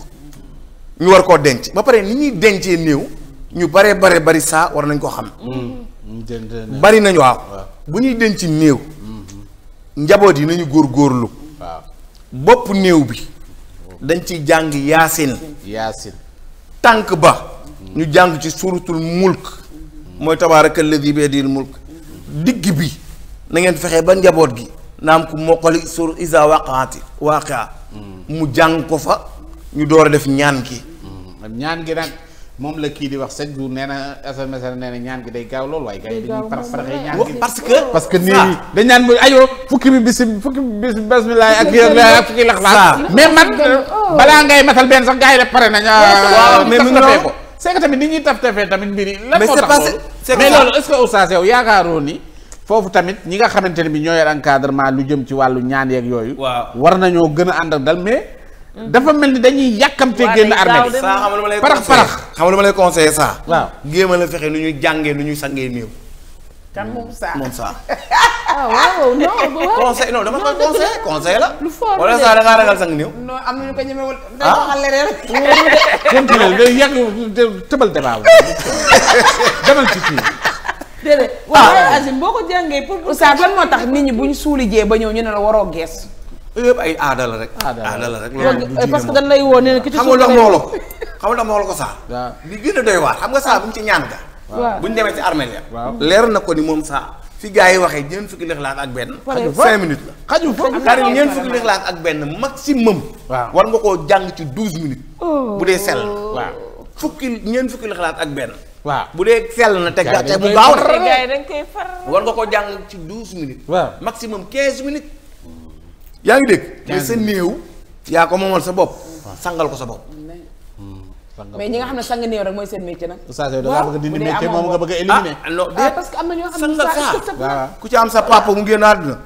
ñu war koo denc ba pare ni ñuy dencee néew. ñu baree bare bari saa war nañ ko xam. Mm. Mm, bari nañu waaw. bu ñuy denc néew. Mm-hmm. njaboot yi nañu góor waaw bopp néew bi. dañ ci jàng yaasin. yaasin tànk ba. Mm-hmm. ñu jàng ci suuratul mulk. Mm-hmm. mooy tabaaraka alladi yi yadil mulk. digg bi na ngeen fexe ba njaboot gi. naam ku mokkali isaa isa waqaati waaqaa mu jàng ko fa. ñu door a def ñaan gi. moom la kii di wax chaque jour nee na SMS nee na ñaan gi day gaaw lool waaye gars yi farax faraxee ñaan gi parce que parce que nii dañ ñaan mooy ayoo fukki bi bisi fukki bis bismillah ak yàlla lax laxlaas mais man balaa ngay matal benn sax gars yi rek pare nañ waaw mais mu ngi ko c'est que tamit ni ñuy taf tafee tamit mbir yi lan moo tax mais loolu est-ce que oustaz yaakaaroo ni foofu tamit ñi nga xamante ne bi ñooy encadrement lu jëm ci wàllu ñaan yeeg yooyu war nañoo gën a ànd ak dal mais dafa mel ni dañuy yàkkamtee génn armée bi saa xam lu ma lay parax parax xam lu ma lay conseillé saa waaw géema la fexe nu ñu jàngee nu ñu sangee néew kan moom saa moom saa <laughs> ah waaw non conseil non dama koy conseil conseil la. lu fort wala saa da ngaa ragal sang néew. non am na ñu ko ñemewul. ah waxal leneen rek. continué day yàgg tëbal débat <laughs> demal ci kii. déedéet waaw ah. Azim boo ko jàngee pour. oustaz lan moo tax nit ñi buñ suulijee ba ñëw ñu ne la waroo gees yëpp ay aada la rek. aada la rek loolu parce que dañ lay woo nee na ki ci suuf xam nga la xam nga moo la ko saa. waaw gën a doy waar xam nga saa bu ñu ci ñaan ga. waaw bu demee ci armée leer na ko ni moom saa. fi gars yi waxee ñeent fukki lixlaas ak benn. xaju fa cinq minutes la. xaju fa xarit ñeent fukki lixlaas ak benn maximum. nga koo jàng ci douze minutes. Oh. bu dee sell. waaw fukki ñeent fukki lixlaas ak benn. waaw bu dee sell na te gars yi dañ koy far bu war nga koo jàng ci douze minutes. waaw maximum quinze minutes. yaa ngi dégg. mais sa néew. yaa ko moomal sa bopp. Ah. sangal ko sa bopp. Hmm. mais ñi nga xam ne sang néew rek mooy seen métier nag. saa da ngaa bëgg a dindi métier moom nga a ah, éliminer. ah non parce que am na ñoo xam ne saa ku ci am sa papa mu génn àdduna.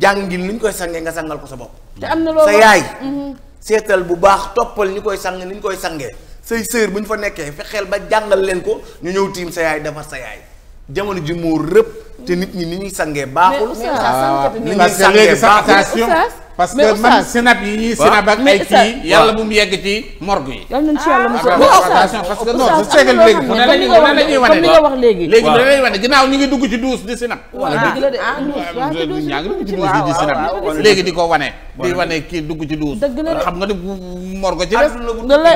jàngil ni ñu koy sangee nga sangal ko sa bopp. te am na loolu sa yaay. Mm-hmm. seetal bu baax toppal ñu koy sang ni ñu koy sangee. say sœur bu ñu fa nekkee fexeel ba jàngal leen ko ñu ñëw tiim sa yaay defar sa yaay jamono ji moo rëpp te nit ñi ni ñuy sangee baaxul. mais parce ah, que léegi sax attention parce que man sinab yi ñuy sinab ak ay kii yàlla bu mu yegg ci morgue yi. yal nañu ci yàlla mos ah, attention parce que non su fekkee léegi mu ne la ñuy wane nga wax léegi léegi mu ne la ñuy wane ginnaaw ñu ngi dugg ci duus di sinab di dëgg la de ñaa ngi dugg ci duus di sinab léegi di ko wane di wane kii dugg ci duus xam nga di morgue ci def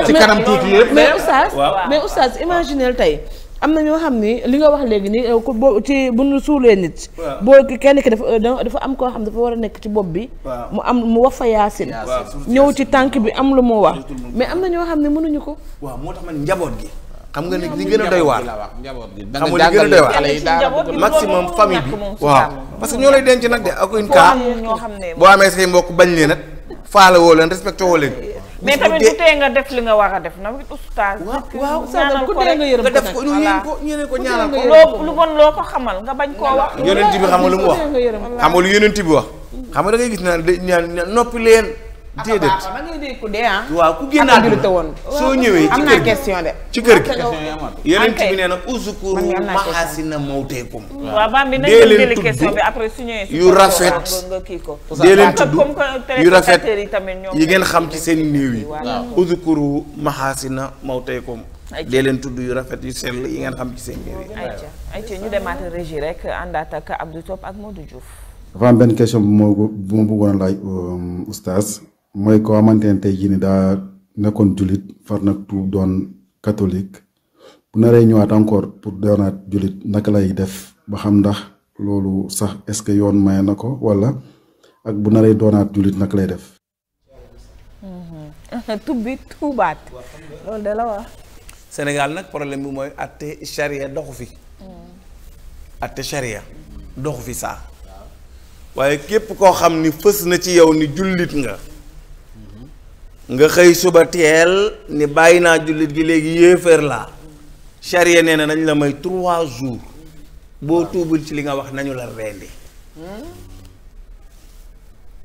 ci kanam tuuti yëpp mais oustaz mais oustaz imaginel tey am na ñoo xam ni li nga wax léegi ni eh, boo ci bu ñu suulee nit. boo kenn ki dafa eh, dafa am koo xam dafa war a nekk ci bopp bi. mu am mu wax fa yaasin. ñëw ci tànk bi am lu moo wax. mais am na ñoo xam ne mënuñu ko. waaw moo tax man njaboot gi. xam nga li gën a doy waar xam nga li gën a doy waar maximum famille bi waaw parce que ñoo lay denc nag de akuñ kaa boo amee say mbokk bañ leen nag faale woo leen respecté woo leen mais tamit du tee nga def li nga war a def na oustaz. waaw waaw ku tee nga yërëm ko def ko ñu yéen ko ñeneen ko ñaanal ko. loo lu bon loo nga bañ koo wax. yonent bi xam nga lu mu wax xam nga lu yonent bi wax. xam nga da ngay gis naan noppi leen di ma ngay ku dee ah. waaw ku génn àdduna woon. soo ñëwee am naa ci kër gi yeneen ci bi nee na uzukur mahasina mawteekum. waaw bam bi nañu jëli question bi après su ñëwee. yu rafet dee leen tudd yu rafet yi ngeen xam ci seen néew yi. uzukuru mahasina mawteekum. dee leen tudd yu rafet yu sell yi ngeen xam ci seen néew yi. ayca ayca ñu demaat régie rek àndaat ak Abdou Top ak Modou Diouf. dafa am benn question bu ma bu ma laaj euh, oustaz. mooy ko xamante ne tey jii nii daa nekkoon jullit far nag tuub doon katolik bu naree ñëwaat encore pour doonaat jullit naka lay def ba xam ndax loolu sax est-ce que yoon may na ko walla ak bu naree doonaat jullit naka lay def. Mm-hmm. <laughs> tub bi tuubaat loolu de la wax. Sénégal nag problème bi mooy atte charia doxu fi. Mm. atte charia doxu fi saa. waaye képp koo xam ni fës na ci yow ni jullit nga. nga xëy suba teel ni bàyyi naa jullit gi léegi yéeféer la charia nee na nañ la may trois jours boo tuubul ci li nga wax nañu la rendi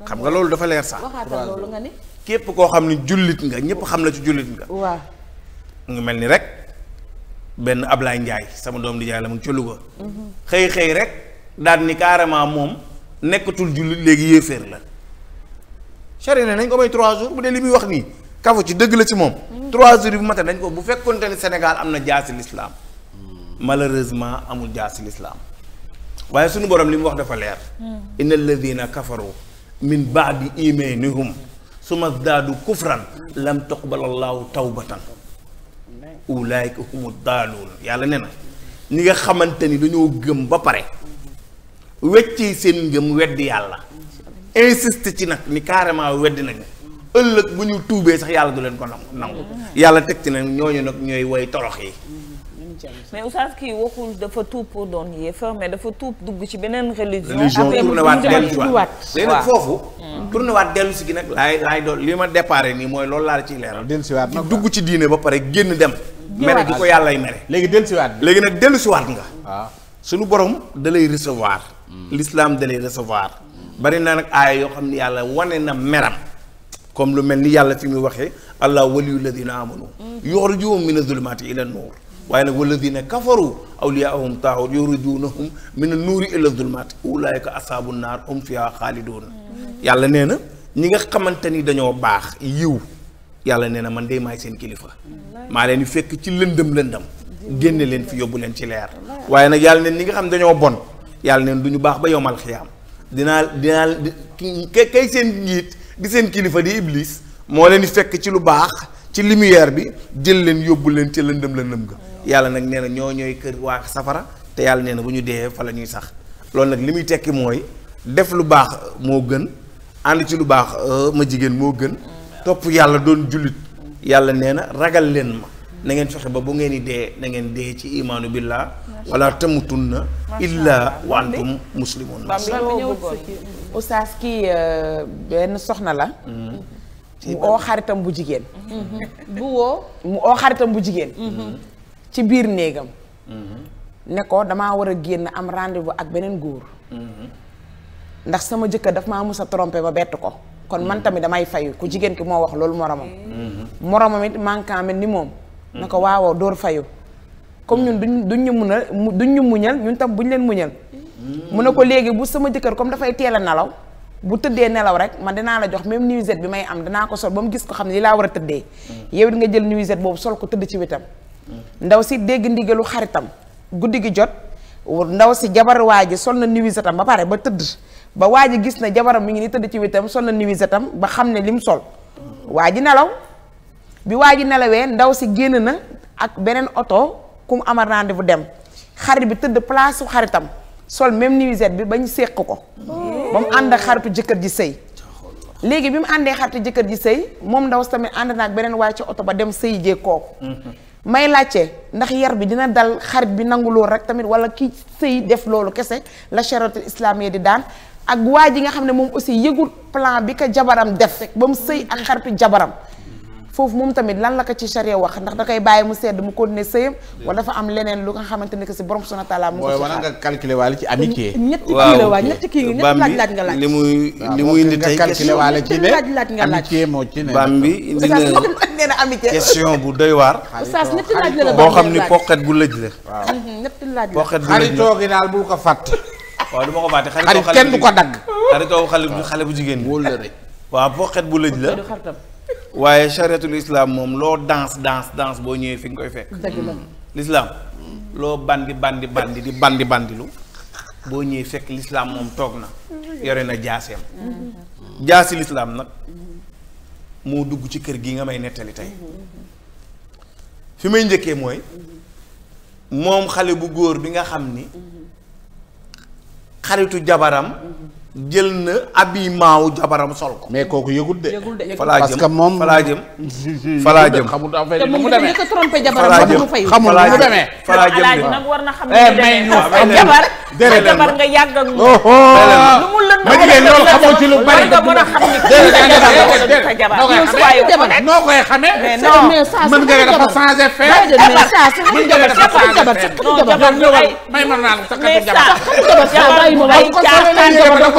xam nga loolu dafa leer sax waxaatal képp koo xam ni jullit nga ñépp xam na ci jullit nga waaw nga mel ni rek benn Ablaye Ndiaye sama doom di jaay la mu ngi ca Louga mhm. xëy xëy rek daal ni carrément moom nekkatul jullit léegi yéeféer la chari ne nañ ko may trois jours bu dee li muy wax nii kafu ci dëgg la ci moom trois jours yi bu matin dañ ko bu fekkonte ne am na jaasi l'islam malheureusement amul jaasi l'islam waaye suñu borom li mu wax dafa leer hmm. inna alladina kafaru min baadi imanihum suma daadu kufran lam taqbal allahu tawbatan ulaayka humu daaluun yàlla ne na ñi nga xamante ni dañoo gëm ba pare wecci seen ngëm weddi yàlla insiste ci nag ni carrément weddi nañu ëllëg bu ñu tuubee sax yàlla du leen ko nangu nangu yàlla teg ci nag ñooñu nag ñooy woy torox yi mais oustaz kii waxul dafa tuub pour doon yéefar mais dafa tuub dugg ci beneen religion religion tourné waat dellu waat léegi nag foofu hmm. dellu si gi nag laay laay doo li ma déparé nii mooy loolu laa ciy leeral dellu si waat dugg ci diine ba pare génn dem mere gi ko yàllay mere léegi dellu si waat léegi nag dellu si nga waaw ah. suñu borom da lay recevoir hmm. lislaam da recevoir bari naa nag aaya yoo xam ne yàlla wane na meram comme lu mel ni yàlla fi muy waxee allah waliyu ladina amanu yuxrijuhum min azulumati ila nuur waaye nag walladina kafaru awliyaahum taaxut yuxrijunahum min nuuri ila zulumati ulaayka asaabu naar om fiha xaalidoon yàlla nee na ñi nga xamante ni dañoo baax yiw yàlla nee na man de may seen kilifa maa leen yu fekk ci lëndëm lëndëm génne leen fi yóbbu leen ci leer waaye nag yàlla neen ñi nga xam dañoo bon yàlla neen du ñu baax ba yowmal xiyaam dinaa dinaa ki kay seen njiit di seen kilifa di iblis moo leen di fekk ci lu baax ci lumière bi jël leen yóbbu leen ci lëndëm lëndëm ga yàlla nag nee na ñoo ñooy kër waa safara te yàlla nee na bu ñu dee fa la ñuy sax loolu nag li muy tekki mooy def lu baax moo gën ànd ci lu baax euh, ma jigéen moo gën topp yàlla doon jullit yàlla nee na ragal leen ma na ngeen fexe ba bu ngeen di dee na ngeen dee ci imaanu billah wala tamutunna illa wa antum muslimun oustaz kii euh, benn soxna la mm-hmm. mu oo xaritam bu jigéen mm-hmm. bu woo mu oo xaritam bu jigéen mm-hmm. ci biir néegam ne ko damaa war a génn am rendez-vous ak beneen góor ndax sama jëkkër daf ma musa trompe ba bett ko kon man tamit damay fayu ku jigéen ki moo wax loolu moromam moromam it manquant mel ni moom na ko waawoo dóor fayu comme ñun duñ duñ ñu mun a duñ ñu muñal ñun tam bu buñ leen muñal. mu ne ko léegi bu sama jëkkër comme dafay teel a nelaw bu tëddee nelaw rek man dinaa la jox même nuisette bi may am danaa ko sol ba mu gis ko xam ne li laa war a tëddee. Mm. yow nga jël nuisette boobu sol ko tëdd ci mm. ndaw si dégg ndigalu xaritam guddi gi jot ndaw si jabar waa ji sol na nuisette ba pare ba tëdd ba waa ji gis na jabaram mi ngi ni tëdd ci wetam sol na nuisette ba xam ne lim sol. Mm. waa ji nelaw bi waa ji nelawee ndaw si génn na ak beneen oto. ku mu amal rendez-vous dem xarit bi tëdd place su xaritam sol même nuisette bi ba ñu séq ko oh. ba mu ànd xaritu jëkkër ji sëy léegi bi mu àndee xaritu jëkkër ji sëy moom ndaw si tamit ànd naag beneen waaye ci oto ba dem sëy jee kooku mm-hmm. may laajte ndax yar bi dina dal xarit bi nangu loolu rek tamit wala ki sëy def loolu kese la chariatul islamiyya di daan ak waa ji nga xam ne moom aussi yëgul plan bi ko jabaram def ba mu sëy ak xaritu jabaram foofu moom tamit lan la ko ci charia wax ndax da koy bàyyi mu sedd mu continuer sëyam wala dafa am leneen lu nga xamante ne si borom subhanahu wa taala mu nga calculer ci amitié ñetti kii la waa ñetti kii ñetti laaj laaj nga laaj li muy li muy indi tey calculer waale ci ne ne bam bi indi na amitié question bu ni poqet bu lëj la mhm, la poqet bu la xaritoo gi daal bul ko fàtte waaw du ma ko fàtte xarit kenn du ko dagg xaritoo xale bu jigéen bi waaw poqet bu lëj la waaye chariatul islam moom loo danse danse danse boo ñëwee fi nga koy fekk. dëgg la mm. l'islam loo bandi bandi bandi bandilu boo ñëwee fekk lislaam moom toog na yore na jaaseem mm-hmm. jaasi l'islam nag moo dugg ci kër gi nga may nettali tey mm-hmm. fi may njëkkee mooy moom xale bu góor bi nga xam ni mm-hmm. xaritu jabaram jël na habillement wu jabaram sol ko. mais kooku yëgul de. yëgul de parce que moom falaa jëm falaa jëm. xamul affaire bi mu demee te trompé jabaram falaa jëm nag war na xam eh, ne jabar sa jabar nga yàgg ak lu mu la ma jigéen loolu xamoo ci lu bari. nga mën a xam ne kii la jabar jabar. noo koy xamee mën nga dafa changé fee. mën nga dafa changé fee. may mën naa jabar.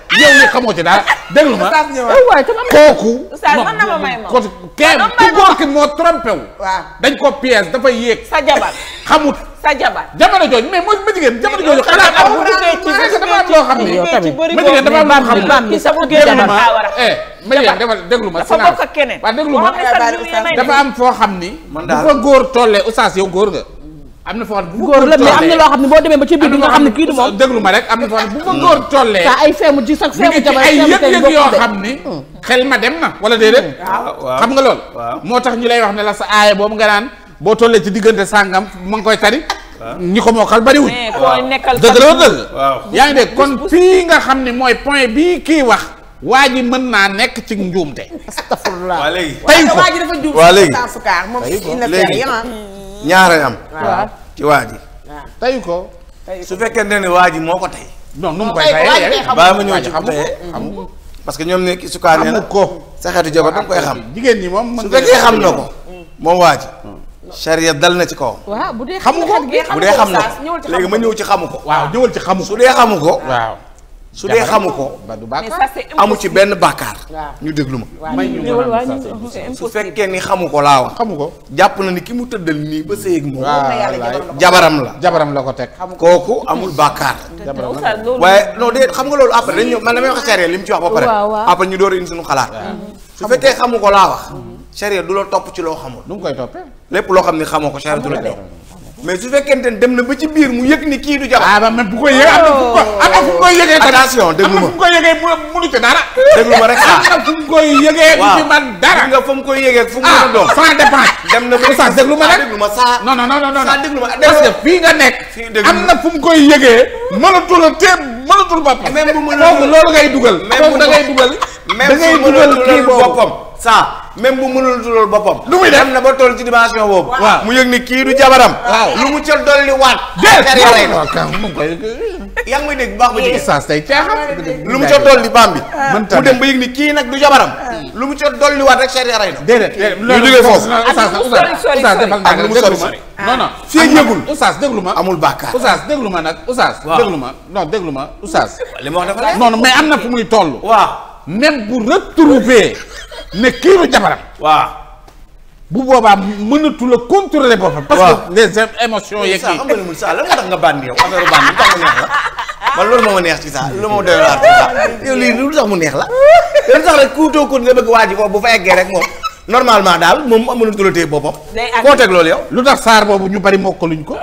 yow li xamoo ci daal déglu ma eh, kooku. man na ma may ma kooku ku góor ki moo trompé wu. waaw dañ ko pièce dafay yéeg. sa jabar xamut. sa jabar jamono jooju mais mooy ma jigéen a jooju xanaa amul dafa am loo xam ne yow tamit ma jigéen dafa am loo xam ne déglu ma eh ma jigéen dafa déglu ma sinaa am foo xam ni bu fa góor tollee oustaz yow góor nga am na foo xam ne góor la mais xam ne boo demee ba ci biir nga xam ne kii du moom déglu ma rek am na foo xam ne bu ma mm. góor tollee sa ay feemu ci sax feemu jabar ay yëg yoo xam ne mm. xel ma dem na wala déedéet mm. ah, xam nga lool moo tax ñu lay wax ne la sa aaya boobu nga naan boo tollee ci diggante sàngam ma ngi koy tari ñi ko mokkal bari wuñ dëgg la dëgg yaa ngi dégg kon fii nga xam ne mooy point bi kii wax waa ji mën naa nekk ci njuumte astafurlah tey ko waa ji dafa juum waa léegi ñaara am. waaw ci waa ji. tayu ko. su fekkee ne ne waa ji moo ko tey. non nu mu koy tayee ba ma ñëw ci ku tayee mm-hmm. parce que ñoom ne ki sukaa nee na ko sa xeetu jabar da koy xam. jigéen ñi moom su fekkee xam na ko. Mm. moom waa ji. charia mm. dal na ci kawam. waaw bu dee xamu ko bu dee xam na ko léegi ma ñëw ci xamu ko. waaw ñëwal ci xamu ko su dee xamu ko. waaw. su dee xamu ko. amu ci benn bàkkaar ñu déglu ma. su fekkee ni xamu ko laa wax. xamu ko jàpp na ni ki mu tëddal nii ba sëy ak moom. jabaram la jabaram la ko teg. kooku amul bàkkaar. waaye non de xam nga loolu après dañ ñëw man damay wax charia li mu ci wax ba pare. après ñu door a indi suñu xalaat. su fekkee xamu ko laa wax. charia du la topp ci loo xamul. nu mu koy toppee. lépp loo xam ne xamoo ko charia du la topp. mais su fekkente ne dem na ba ci biir mu yëg ni kii du jabar. ah man bu koy yëg am na fu mu ko oh. am na fu mu koy yëgee. attention déglu ma am ah. na fu mu koy yëgee mënu ci dara. déglu ma rek ah am na fu mu koy yëgee. waaw du ci man dara nga fa mu koy yëgee fu mu mën a ah, doon. sans dépense. dem na ba saa déglu ma rek saa ah, déglu ma saa. non non non non saa déglu ma parce que fii nga nekk. fii déglu am na fu mu koy yëgee. mënatul a téem mënatul boppam. même bu mënatul loolu ngay dugal. même bu mënatul loolu boppam saa. même bu mënul loolu boppam. lu muy def am na ba toll ci dimension boobu. waaw mu yëg ni kii du jabaram. waaw lu mu ca dolli waat. déedéet waaw kan mu koy. yaa ngi may dégg bu baax ba ci. sens tey caaxaan. lu mu ca dolli baam bi. mu dem ba yëg ni kii nag du jabaram. Hmm. lu mu ca dolli waat rek charia rey na. déedéet loolu jógee foofu. ak lu mu sori sori non non fii yëgul oustaz déglu ma amul bàkkaar oustaz déglu ma nag oustaz déglu ma non déglu ma oustaz li ma wax dafa lay non mais am na fu muy toll waaw même bu retrouver ne kii la jabaram waaw bu boobaa mënatu la contrôler boppam. parce que les émotions yeeg kii. xam nga lan moo tax nga bànn yow affaire bànn lu tax mu loolu moo ma neex ci saa loolu moo doy waar saa yow lu tax mu neex la lan sax rek kuutoo kuut nga bëgg waa ji foofu bu fa eggee moom. normalement daal moom amul lu tulatee boppam. day àgg koo lu tax saar boobu ñu bari mokkaluñ ko.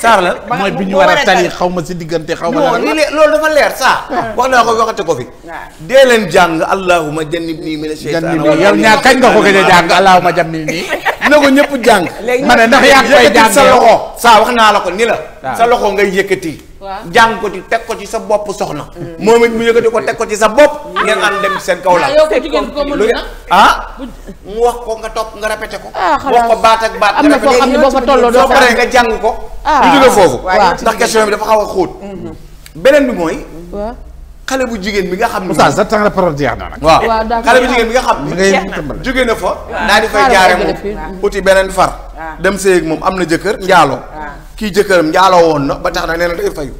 saar la mooy bi ñu war a tali xaw ma si diggante xaw ma. loolu dafa leer saar. Ah. wax naa ko waxate ko fi. Ah. dee leen jàng allahuma jannib nii mina seytaan. yow ñaar kañ nga ko gën a jàng allahuma jannib nii. na ko ñëpp jàng. léegi ma ne ndax yaa koy jàng sa loxo. saa wax naa la ko ni la. Ah. sa loxo ngay yëkkati. jàng ko ci teg ko ci sa bopp soxna. Mm. moom it mu yëkkati ko teg ko ci sa bopp. ngeen mm. ànd dem seen kaw la. ah, ah? mu wax ko nga topp nga répété ko. Ah, wax ko baat ak baat. am na foo xam ne boo ko tolloo doo paree nga jàng ko. ah ñu jóge foofu. ndax question bi dafa xaw a xóot. Mm-hmm. bi mooy. xale bu jigéen bi nga xam ne. sa temps la parole jeex na nag. waaw xale bu jigéen bi nga xam ne. jóge na fa. daal di fay jaare moom uti beneen far. dem sëy ak moom am na jëkkër njaaloo jëkkër am njaaloo woon na ba tax na nee na day fayu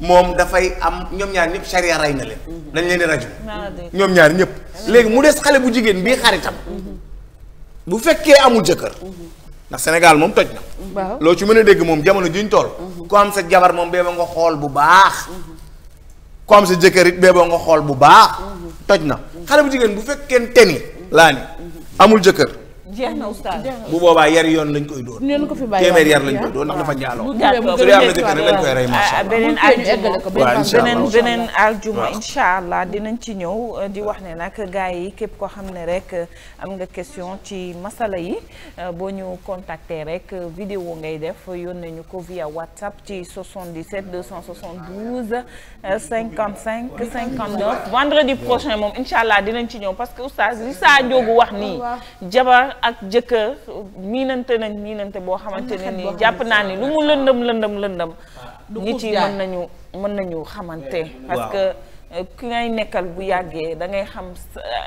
moom dafay am ñoom ñaar ñëpp sariya rey na leen mhm. dañ leen di ñoom ñaar ñëpp léegi mu des xale bu jigéen bii xaritam mhm. bu fekkee amul jëkkër mhm. ndax Sénégal moom toj na loo ci mën a dégg moom jamono juñ tool ku am sa jabar moom bee ba nga xool bu baax ku am sa jëkkër it bee ba nga xool bu baax toj na xale bu jigéen bu fekkeen teni laa ne amul jëkkër jeex na oustaz bu boobaa yar yoon lañ koy dóor. ñu ko fi bàyyi téeméer yar lañ koy ah? dóor ndax dafa njaaloo. bu lañ koy rey beneen aljuma beneen aljuma incha dinañ ci ñëw euh, di wax ne nag gars yi képp koo xam ne rek euh, am nga question ci masala yi euh, boo ñu contacter rek vidéo ngay def ne ñu ko via whatsapp ci 77 272 55 59 vendredi prochain moom incha allah dinañ ci ñëw parce que oustaz li saa jógu wax nii jabar ak jëkkër miinante nañ miinante boo xamante ne nii jàpp naa ni lu mu lëndëm lëndëm lëndëm ah. nit yi mën nañu mën nañu xamante parce que Euh, ki ngay nekkal bu yàggee dangay ngay xam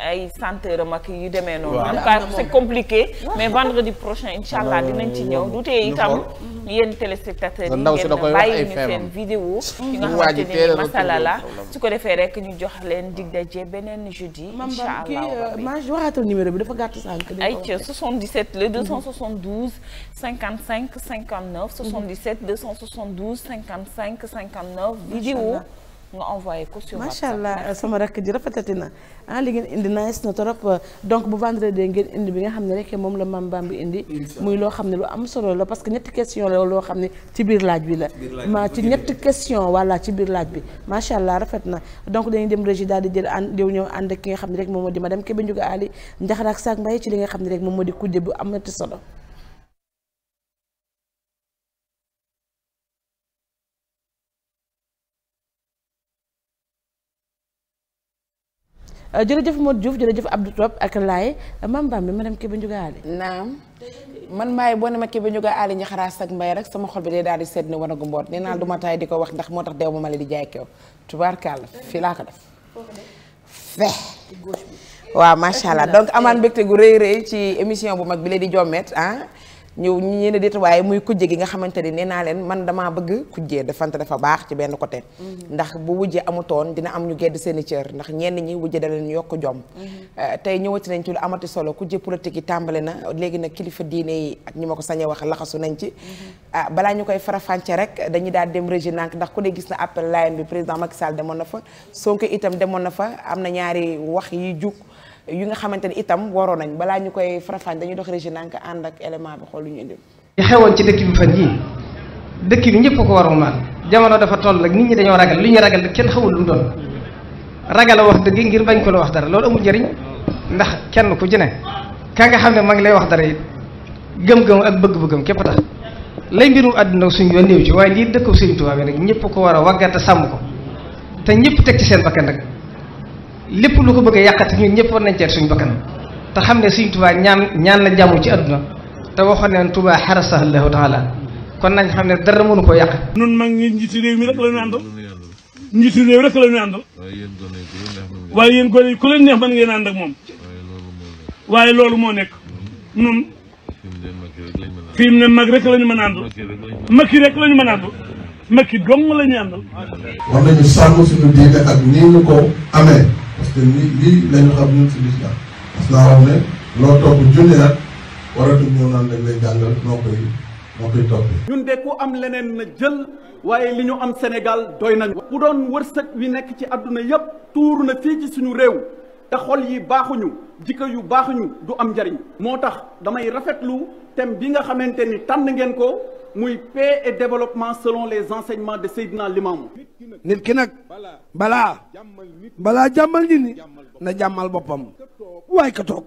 ay senteur am ak yu demee noonu. en tout cas c'est compliqué. mais vendredi prochain incha allah ci ñëw. du tee itam yéen téléspectateurs yi ngeen bàyyi ñu seen vidéo yi mm. nga xamante ne masala la su ko defee ñu jox leen dig daje beneen jeudi. incha allah euh, ma waxaatal numéro bi dafa gàtt sànq. ay ca 77 le 272 55 59 77 272 55 59. vidéo nga envoyé ko macha allah sama rakk ji rafetati na ah li ngeen indi nice na trop donc bu vendredi ngeen indi bi nga xam ne rek moom la mam bam bi indi muy loo xam ne lu am solo la parce que ñetti question la loo xam ne ci biir laaj bi la ma ci ñetti question voilà ci biir laaj bi macha allah rafet na donc dañu dem régie daal di jël ànd déw ñëw ànd ak ki nga xam ne rek moom moo di madame Kébé Ndiouga Ali Ndiakhate ak Saak Mbaye ci li nga xam ne rek moom ma di kujje bu amati solo Euh, jërëjëf Modou Diouf jëf Abdou Top ak Laye maam ma madame Kébé Ndiouga Ali naam man maay boo ne ma Kébé Ndiouga Ali ñaxaraas ak mbay rek sama xol bi day daal di sedd ne wanagu mboot nee naa du ma taay di ko wax ndax moo tax deew ma male di jaay kew tubaarkàlla fii laa ko def fe waaw macha allah donc amaan mbégte gu rëy rëy ci émission bu mag bi lee di jommet ah ñëw ñu ñeen a waaye muy kujje gi nga xamante ni nee naa leen man damaa bëgg kujje defante dafa baax ci benn côté. Mhm. ndax bu wujje amutoon dina am ñu gedd seen i cër ndax ñenn ñi wujje da leen yokk jom. Mhm. Euh, tey ñëwati nañ ci lu amati solo kujje politique yi tàmbali na léegi nag kilifa diine yi ñu ma ko sañee wax laxasu nañ ci. Mhm. ah balaa ñu koy farafànce rek dañuy daal dem régie nànk ndax ku ne gis na appel line bi président Macky Sall demoon na fa Sonko itam demoon na fa am na ñaari wax yi jug. yu nga xamante ni itam waroon nañ balaa ñu koy farafaan dañuy dox régi nank ànd ak élément bi xool lu ñu indi li xewoon ci dëkk bi fan yii dëkk bi ñëpp ko waroon maal jamono dafa toll ak nit ñi dañoo ragal li ñu ragal kenn xamul lu mu doon ragal a wax dëgg ngir bañ ko la wax dara loolu amul njëriñ ndax kenn ku ci ne xam ne mag lay wax dara it gëm-gëm ak bëgg-bëggam képp tax lay mbirum àdduna suñu yoon néew ci waaye lii dëkk Sëriñ Tuubaa bi nag ñëpp ko war a waggata sàmm ko te ñëpp teg seen bakkan lépp lu ko bëgg a yàqati ñun ñëpp war nañ cee suñu bakkan te xam ne Sëriñ Tuubaa ñaan ñaan la jàmm ci àdduna te waxoon ne Tuubaa xarasahu Allahu taala kon nañ xam ne dara mënu koo yàq. nun mag ñi njiitu réew mi rek la ñu àndal njiitu réew rek la ñu àndal waaye yéen gone yi ku leen neex mën ngeen ànd ak moom waaye loolu moo nekk nun fii mu ne mag rek la ñu mën a àndal makki rek la ñu mën a àndal makki dong la ñu àndal. war nañu sàmm suñu diine ak nii ñu ko que lii lii la ñu xam ñun si lislaam parce que xam ne loo topp junni nag waratu ñëw naan dañ lay jàngal noo koy noo koy toppee. ñun de ku am leneen na jël waaye li ñu am Sénégal doy nañu. ku doon wërsëg wi nekk ci àdduna yépp tuuru na fii ci suñu réew te xol yi baaxuñu jikko yu baaxuñu du am njariñ moo tax damay rafetlu tem bi nga xamante ni tànn ngeen ko. muy paix et développement selon les enseignements de Seydina Limamou. nit ki nag balaa balaa jàmmal nit ñi na jàmmal boppam waaye ka toog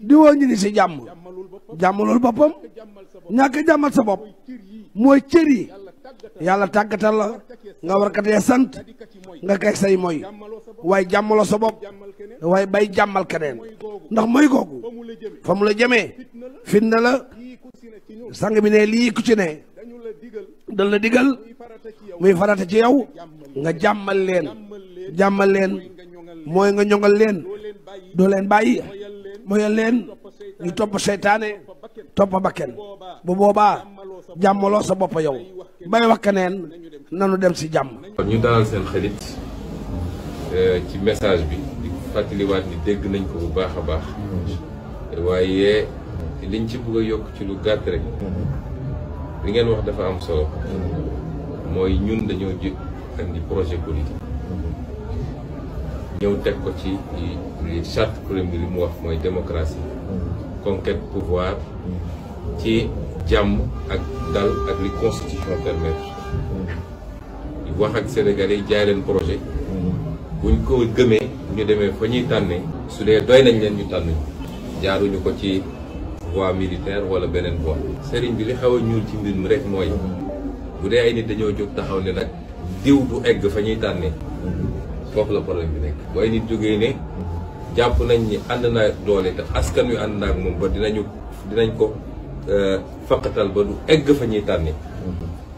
di woo nit ñi si jàmm jàmmalul boppam ñàkk jàmmal sa bopp mooy cër yi yàlla tàggatal la nga war katee sant nga kay say mooy waaye jàmmaloo sa bopp waaye bay jàmmal keneen ndax mooy googu fa mu la jëmee fitna la. sang bi ne lii ku ci ne dañ la digal muy farata ci yow nga jàmmal leen jàmmal leen mooy nga ñongal leen doo leen bàyyi a leen ñu topp seytaane topp bakken bu boobaa jàmmaloo sa bopp yow bay wax keneen nanu dem si jàmm ñu dalal seen xarit euh, ci message bi di ni dégg nañ ko bu baax a baax mm. waaye liñ ci bëgg yokk ci lu gàtt rek mm-hmm. li ngeen wax dafa am solo mm-hmm. mooy ñun dañoo jëkk ni projet politique mm-hmm. ñëw teg ko ci li charte kuréel bi li mu wax mooy démocratie conquête pouvoir ci jàmm ak dal ak li constitution permettre wax ak Sénégalais yi jaay leen projet buñ ko gëmee ñu demee fa ñuy tànnee su dee doy nañ leen ñu tànn jaaruñu ko ci voie militaire wala beneen voie. sëriñ bi li xaw a ñuul ci mbir mi rek mooy bu dee ay nit dañoo jóg taxaw ne nag diw du egg fa ñuy tànnee foofu la problème bi nekk. bu ay nit jógee jàpp nañ ni ànd doole te askan wi ànd moom ba dinañu dinañ ko euh, faqatal ba du egg fa ñuy tànnee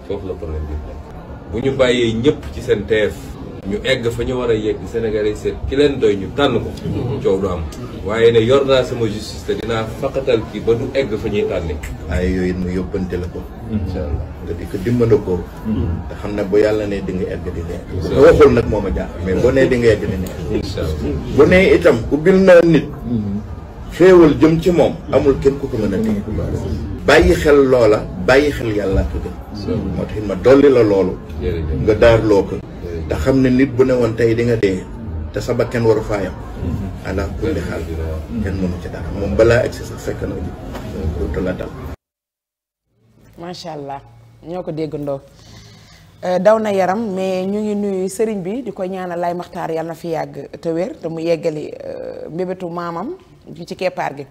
foofu la problème bi bu ñu bàyyee ñëpp ci seen teef. ñu egg fa ñu war a yegg Sénégalais seet ki leen doy ñu tànn ko coow du am waaye ne yor naa sama justice te dinaa faqatal kii ba du egg fa ñuy tànni waaye yooyu ma yóbbante la ko incha allah nga di ko ko mm-hmm. te xam ne bu yàlla ne di nga egg di ne nga a mais boo nee di nga egg di ne incha allah bu itam ubbil naa nit mm-hmm. xéewal jëm ci moom mm-hmm. amul kenn ku ko mën a tey bàyyi xel loola bàyyi xel yàllaa ko gën moo tax ma dolli la loolu nga daarloo ko te xam ne nit bu ne woon tey dinga nga dee te sa bakkan waru faayam mm-hmm. ala kulli xaal kenn mënu ci dara moom balaa egsi sax fekk na ji dootu allah ñoo ko déggandoo euh, daw na yaram mais ñu ngi nuyu sëriñ bi di ko ñaanal lay maxtaar yàlla na fi yàgg te wér te mu yeggali euh, mbébétu maamam ci keppaar gi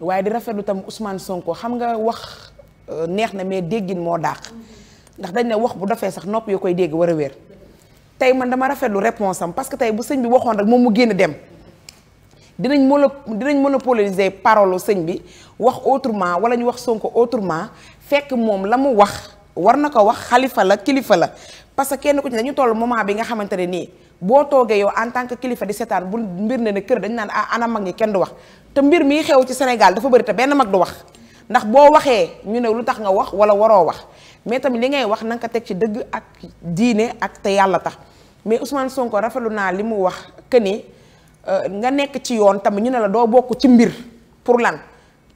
waaye di rafetlu tam Ousmane Sonko xam nga wax euh, neex na mais déggin moo daax ndax dañ ne wax bu dafee sax nopp yoo koy dégg war a wér tey man dama rafetlu réponse am parce que tey bu sëñ bi waxoon rek moom mu génn dem dinañ mono dinañ monopoliser parole sëñ bi wax autrement wala ñu wax sonk autrement fekk moom la mu wax war na ko wax xalifa la kilifa la parce que kenn ku ci dañu toll moment bi nga xamante ne nii boo toogee yow en tant que kilifa di seetaan bu mbir ne ne kër dañu naan ah, anam mag ñi kenn du wax te mbir mii xew ci Sénégal dafa bëri te benn mag du wax ndax boo waxee ñu ne lu tax nga wax wala waroo wax mais tamit li ngay wax na nga ci dëgg ak diine ak te yàlla tax mais Ousmane Sonko rafetlu naa li mu wax que ni euh, nga nekk ci yoon tamit ñu ne la doo bokk ci mbir pour lan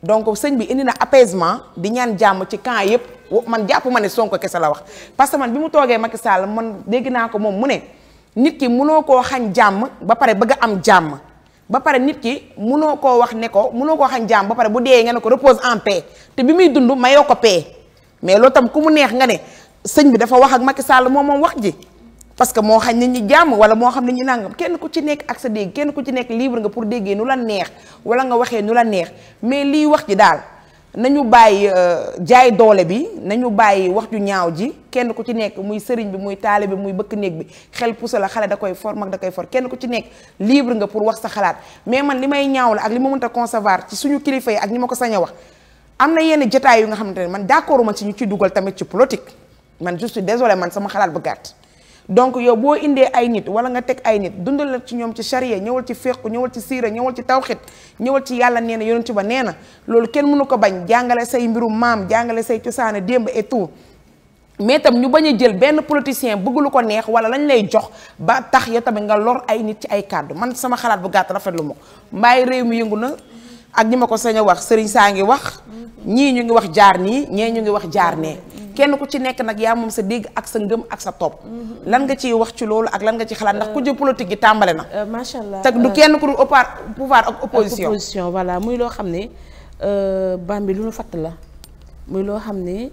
donc sëñ bi indi na apaisement di ñaan jàmm ci camp yëpp man jàpp ma ne Sonko kese la wax. parce que man bi mu toogee Macky Sall man dégg naa ko moom mu ne nit ki munoo koo xañ jàmm ba pare bëgg am jàmm. ba pare nit ki munoo koo wax ne ko munoo koo xañ jàmm ba pare bu dee nga ne ko repose en paix te bi muy dund mayoo ko paix mais loolu tam ku mu neex nga ne sëñ bi dafa wax ak Macky Sall moom moom wax ji. parce que moo xam ne ñu jàmm wala moo xam ne ñu nangam kenn ku ci nekk ak sa dégg kenn ku ci nekk libre nga pour déggee nu la neex wala nga waxee nu la neex mais lii wax ji daal na ñu bàyyi euh, jaay doole bi ñu bàyyi wax ju ñaaw ji kenn ku ci nekk muy sëriñ bi muy taale bi muy bëkk néeg bi xel puso la xale da koy for mag da koy for kenn ku ci nekk libre nga pour wax sa xalaat mais man li may ñaaw la ak li ma mënta concevoir ci suñu kilifa yi ak ñi ma ko sañ a wax am na yenn jotaay yu nga xamante ne man d'accord ma ci ñu ciy dugal tamit ci politique man je man sama xalaat bu gàtt donc yow boo indee ay nit wala nga teg ay nit dundal ci ñoom ci charia ñëwal ci fiqh ñëwal ci siira ñëwal ci tawxit ñëwal ci yàlla nee na ci ba nee na loolu kenn mënu ko bañ jàngale say mbiru maam jàngale say cosaana démb et tout mais tam ñu bañ a jël benn politicien bëgg lu ko neex wala lañ lay jox ba tax ya tamit nga lor ay nit ci ay kàddu man sama xalaat bu gàtt rafet ma ko mbaay réew mi yëngu na ak ñi ma ko sañ a wax sëriñ saa ngi wax ñii ñu ngi wax jaar nii ñee ñu ngi wax jaar nee kenn ku ci nekk nag yaa moom sa dégg ak sa ngëm ak sa topp lan nga ciy wax ci loolu ak lan nga ci xalaat ndax ku jë politique gi tàmbale na euh, macha allah te du euh, kenn ku dul pouvoir ak opposition opposition voilà muy loo xam ne euh, Bambi lu nu fatt la muy loo xam ne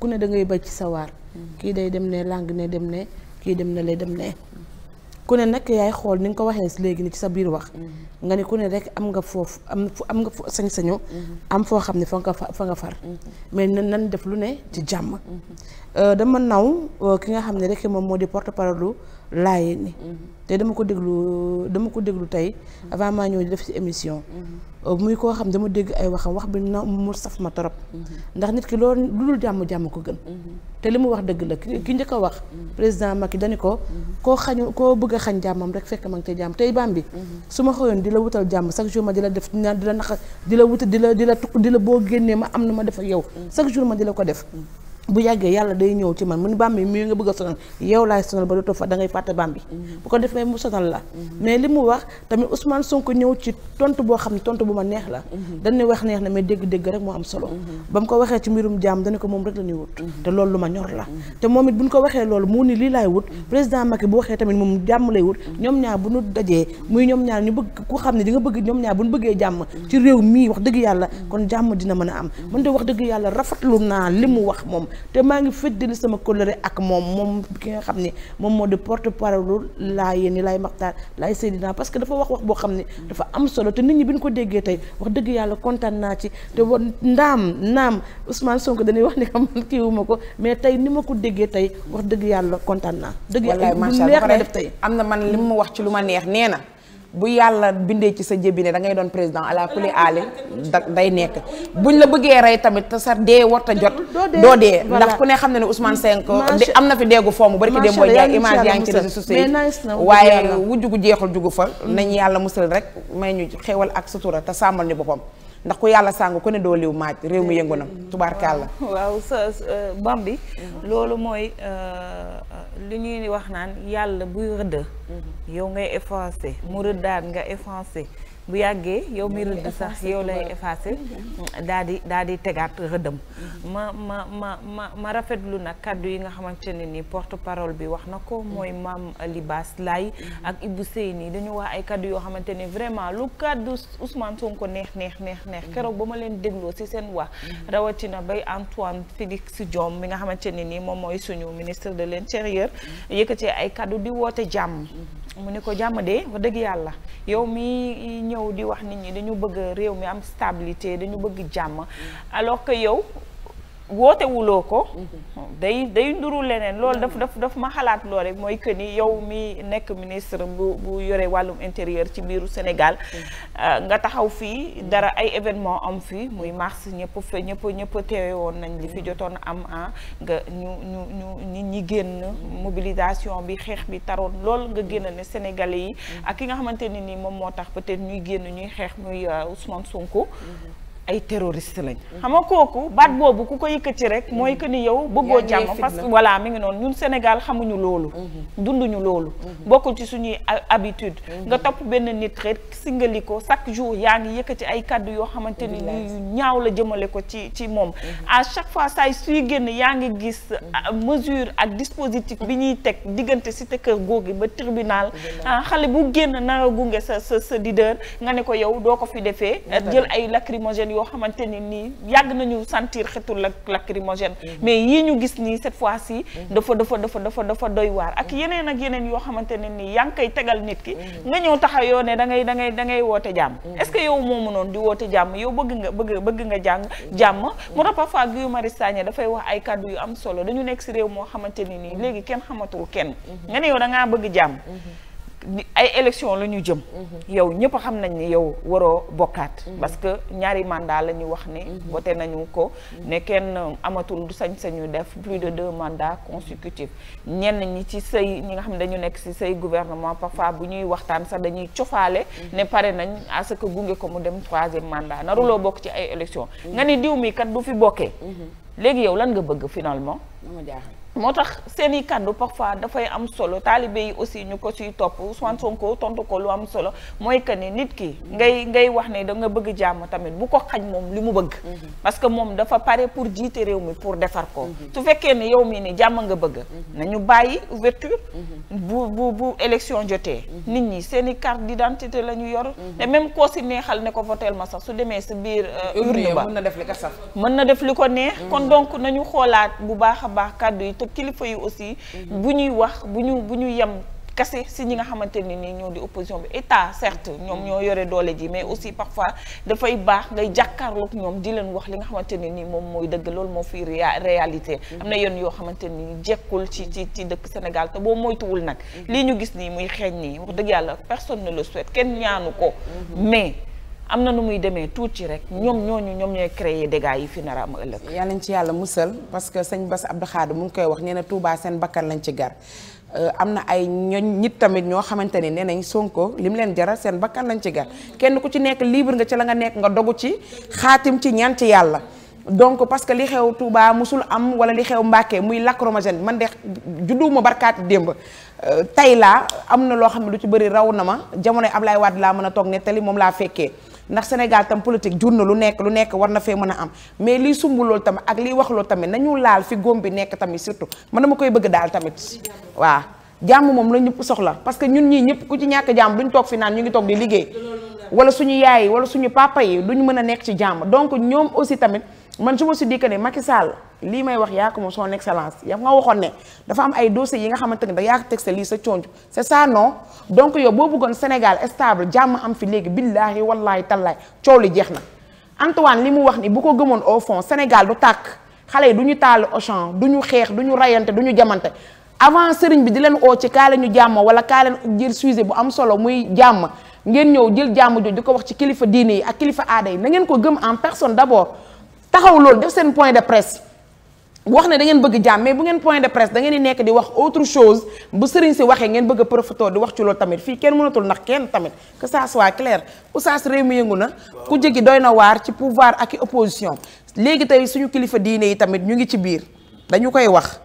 ku ne da ngay bëj ci sa waar kii day dem ne langue ne dem ne kii dem na lay dem ne ku ne nag yaay xool ni nga ko waxee léegi ni ci sa biir wax nga ni ku ne rek am nga foofu am am nga sañ-sañu. Mhm. am foo xam ne fa nga fa fa nga far. Mhm. mais nan def lu ne ci jàmm. Euh, dama naw euh, ki nga xam ne rek moom moo di porte parole laaye ni mhm. te dama ko déglu dama ko déglu tey avant maa ñëw di def ci émission. Euh, muy koo xam dama dégg ay waxam wax bi na mu saf ma torop ndax nit ki loolu lu dul jàmm jàmm ko gën. te li mu wax dëgg la ki njëkk a wax. président yi dani ko. koo xañu koo bëgg a xañ jàmmam rek fekk ma nga tey jàmm tey baam bi. su ma di la wutal jàmm chaque jour ma di la def di la nax di la wutal di la di la tukk di la boo génnee ma am na ma def ak yow mm. chaque jour ma di la ko def mm. bu yàggee yàlla day ñëw ci man mu ni bambi mii nga bëgg a sonal yow laay sonal ba dootoo fa da ngay fàtte bambi mm-hmm. bu ko defee mu sonal la mm-hmm. mais li mu wax tamit Ousmane Sonko ñëw ci tontu boo xam ne tontu bu ma neex la mm-hmm. dañu wax neex na mais dégg-dégg rek moo am solo ba mu ko waxee ci mbirum jaam dañu ko moom rek loolu lu ma ñor la te moom it ko waxee loolu mu ni lii laay wut président Macky bu waxee tamit moom jàmm lay wut ñoom ñaar bu ñu dajee muy ñoom ñaar ñu bëgg ku xam ne di nga bëgg ñoom ñaar bu ñu bëggee jàmm ci réew mii wax dëgg yàlla kon jàmm dina mën a am man de wax dëgg yàlla rafetlu naa li mu wax moom te maa ngi dina sama coloré ak moom moom ki nga xam ne moom moo di porte parole laa yéen laay maxtaar laay Seydina parce que dafa wax wax boo xam ne dafa am solo te nit ñi bi ñu ko déggee tey wax dëgg yàlla kontaan naa ci te wa ndaam naam Ousmane Sonko dañuy wax ni xam man kii ko mais tey ni ma ko déggee tey wax dëgg yàlla kontaan dëgg yàlla lu neex na def tey am na man li mu wax ci lu ma neex nee na bu yàlla bindee ci sa jëbi ne da ngay doon président ala kulli aali da day nekk buñ la bëggee rey tamit te sa dee warta jot doo dee ndax ku ne xam ne ne Ousmane mm, Sonko am na fi deegu foomu bari ki dem booy jaay image yaa ngi ci réseaux sociaux yi waaye wujj gu jeexul jugu fa mm. nañ yàlla musal rek may ñu xewal ak sutura te sàmmal ñu boppam ndax ku yàlla sàng ku ne doo liw maaj réew mi yëngu na mm. tubaarkàlla waaw sa bambi loolu mooy euh, li ñuy wax naan yàlla buy rëdd. Mm-hmm. yow ngay effacé mu rëddaat nga effacé bu yàggee yow mi rëdd sax yow lay effacé mm-hmm. daal di daal di tegaat rëddam mm-hmm. ma ma ma ma ma rafetlu nag kàddu yi nga xamante ne ni porte parole bi wax na ko mm-hmm. mooy maam Libaas Laay ak Ibou Seyni dañu wax ay kàddu yoo xamante ne vraiment lu kàddu Ousmane Sonko neex neex neex neex keroog ba ma leen dégloo ci seen wax rawatina bay Antoine Félix Diome mi nga xamante ne ni moom mooy suñu ministre de l'intérieur yëkkatee ay kàddu di woote jàmm mu ni ko jàmm de wax dëgg yàlla yow mii ñëw di wax nit ñi dañu bëgg réew mi am stabilité dañu bëgg jàmm mm. alors que yow woote wuloo ko. Mhm. day day nduru leneen mhm. loolu daf daf daf ma xalaat loo rek mooy que ni yow mi nekk ministre bu bu yore wàllum intérieur ci biiru Sénégal. Mhm. Euh, nga taxaw fii dara ay événement am fii muy mars ñëpp ñëpp ñëpp teewe woon nañ li fi jotoon am ah nga ñu ñu ñu nit ñi génn. mobilisation bi xeex bi taroon lool nga génn ne Sénégalais yi. ak ki nga xamante ne ni moom moo tax peut-être ñuy génn ñuy xeex muy euh, Ousmane Sonko. ay terroriste lañ. Mm-hmm. xam nga kooku baat boobu ku ko yëkkati rek mm-hmm. mooy que ni yow bëggoo jàmm parce que voilà mu ngi noonu ñun Sénégal xamuñu loolu. Mm-hmm. dunduñu loolu. bokkul ci suñuy habitude. nga topp benn nit rek singali ko chaque jour yaa ngi yëkkati ay kàddu yoo xamante ni ñaaw la jëmale ko ci ci moom. à chaque fois saa suy génn yaa ngi gis ah, mesure ak dispositif bi ñuy teg diggante te kër gi ba tribunal ah, xale bu génn nara gunge sa sa sa leader nga ne ko yow doo ko fi defee. ay lacrymogènes yoo xamante ni nii yàgg nañu sentir xetu lak lacrymogène mhm. mais yii ñu gis nii cette fois si mhm. dafa dafa dafa dafa dafa doy waar ak mhm. yeneen ak yeneen yoo xamante ne nii yaa ngi koy tegal nit ki nga ñëw tax a yoone da ngay da ngay da ngay woote jàmm est-ce que yow moo mënoon di woote jàmm yow bëgg nga bëgg bëgg nga jàng jàmm mu tax parfois Guy Marius Sagna dafay wax ay kàddu yu am solo dañu nekk si réew moo xamante ni nii léegi kenn xamatul kenn nga ne yow da ngaa bëgg jàmm ay élection la ñu jëm mhm. yow ñëpp xam nañ ni yow waroo bokkaat mhm. parce que ñaari mandat la ñu wax ne mhm. voté nañu ko ne kenn amatul du sañ-sañu def plus de deux mandats consécutifs ñenn ñi ci sëy ñi nga xam ne dañu nekk si say gouvernement parfois bu ñuy waxtaan sax dañuy cofaale ne pare nañ à ce que gunge ko mu dem troisième mandat naruloo bokk ci ay élection nga ni diw mi kat bu fi bokkee léegi yow lan nga bëgg finalement moo tax seen i kàddu parfois dafay am solo taalibe yi aussi ñu ko siy topp Ousmane Sonko tontu ko lu am solo mooy que ni nit ki ngay ngay wax ne da nga bëgg jàmm tamit bu ko xañ moom li mu bëgg mhm. parce que moom dafa pare pour jiite réew mi pour defar ko mhm. su fekkee ne yow mii ni jàmm nga bëgg mhm. nañu bàyyi ouverture bu bu bu élection jotee nit ñi seen i carte d'identité la ñu yor te même koo si neexal ne ko voteel ma sax su demee si biir euh, urne ba mën na def li ko neex kon donc nañu xoolaat bu baax a baax kàddu yi kilifa yi aussi. Mhm. bu ñuy wax bu ñu bu ñu yem. kase si ñi nga xamante ni nii ñoo di opposition bi état certes ñoom ñoo yore doole ji mais aussi parfois dafay baax ngay jàkkaarloog ñoom di leen wax li nga xamante ne nii moom mooy dëgg loolu moo fi réalité mhm. am na yoon yoo xamante ni jekkul ci ci ci dëkk Sénégal te boo moytuwul nag mhm. lii ñu gis nii muy xeeñ nii dëgg yàlla personne ne le souhaite kenn ñaanu ko mais am na nu muy demee tuuti rek ñoom ñooñu ñoom ñooy créer dégâts yi fi nar a am ëllëg. yal nañ ci yàlla musal parce que sëñ Bass Abdou mu ngi koy wax nee na Touba seen bakkan lañ ci gar. Euh, am na ay ñoñ nit tamit ñoo xamante ni nee nañ Sonko lim leen jaral seen bakkan lañ ci gar kenn ku ci nekk libre nga ci la nga nekk nga dogu ci xaatim ci ñaan ci yàlla. donc parce que li xew Touba musul am wala li xew Mbacke muy lacrymogène man de ma barkaati démb euh, tey laa am na loo xam ne lu ci bëri raw na ma jamonoy Ablaye waat laa mën a toog nettali moom laa fekkee. ndax Sénégal tam politique jur na lu nekk lu nekk war na fee mën a am mais liy sumb loolu tamit ak liy wax loolu tamit nañu laal fi góom bi nekk tamit surtout mën man ma koy bëgg daal tamit waa jàmm moom la ñëpp soxla parce que ñun ñii ñëpp ku ci ñàkk jàmm duñ toog fi naan ñu ngi toog di liggéey wala suñu yaay wala suñu papa yi duñ mën a nekk ci jàmm donc ñoom aussi tamit man je ma suis dit que ne Macky Sall lii may wax yaa ko moom son excellence yow nga waxoon ne dafa am ay dossiers yi nga xamante ne da yaa teg sa lii sa conc c'est ça non donc yow boo bëggoon Sénégal stable jàmm am fi léegi billaahi wallaahi tallaay coow li jeex na Antoine li mu wax ni bu ko gëmoon au fond Sénégal du tàkk xale yi du ñu taal Auchan du ñu xeex du ñu rayante du ñu jamante avant sëriñ bi di leen oo ci kaa ñu jàmm wala kaa leen jël sujet bu am solo muy jàmm ngeen ñëw jël jàmm jooju di ko wax ci kilifa diine ak kilifa aada yi na ngeen ko gëm personne d'abord taxaw loolu def seen point de presse wax ne da ngeen bëgg jàmm mais bu ngeen point de presse da ngeen di nekk di wax autre chose bu sëriñ si waxee ngeen bëgg a di wax ci loolu tamit fii kenn mënatul ndax kenn tamit que ça soit clair oustaz réew mi yëngu na ku jegi doy na waar ci pouvoir ak i opposition léegi tey suñu kilifa diine yi tamit ñu ngi ci biir dañu koy wax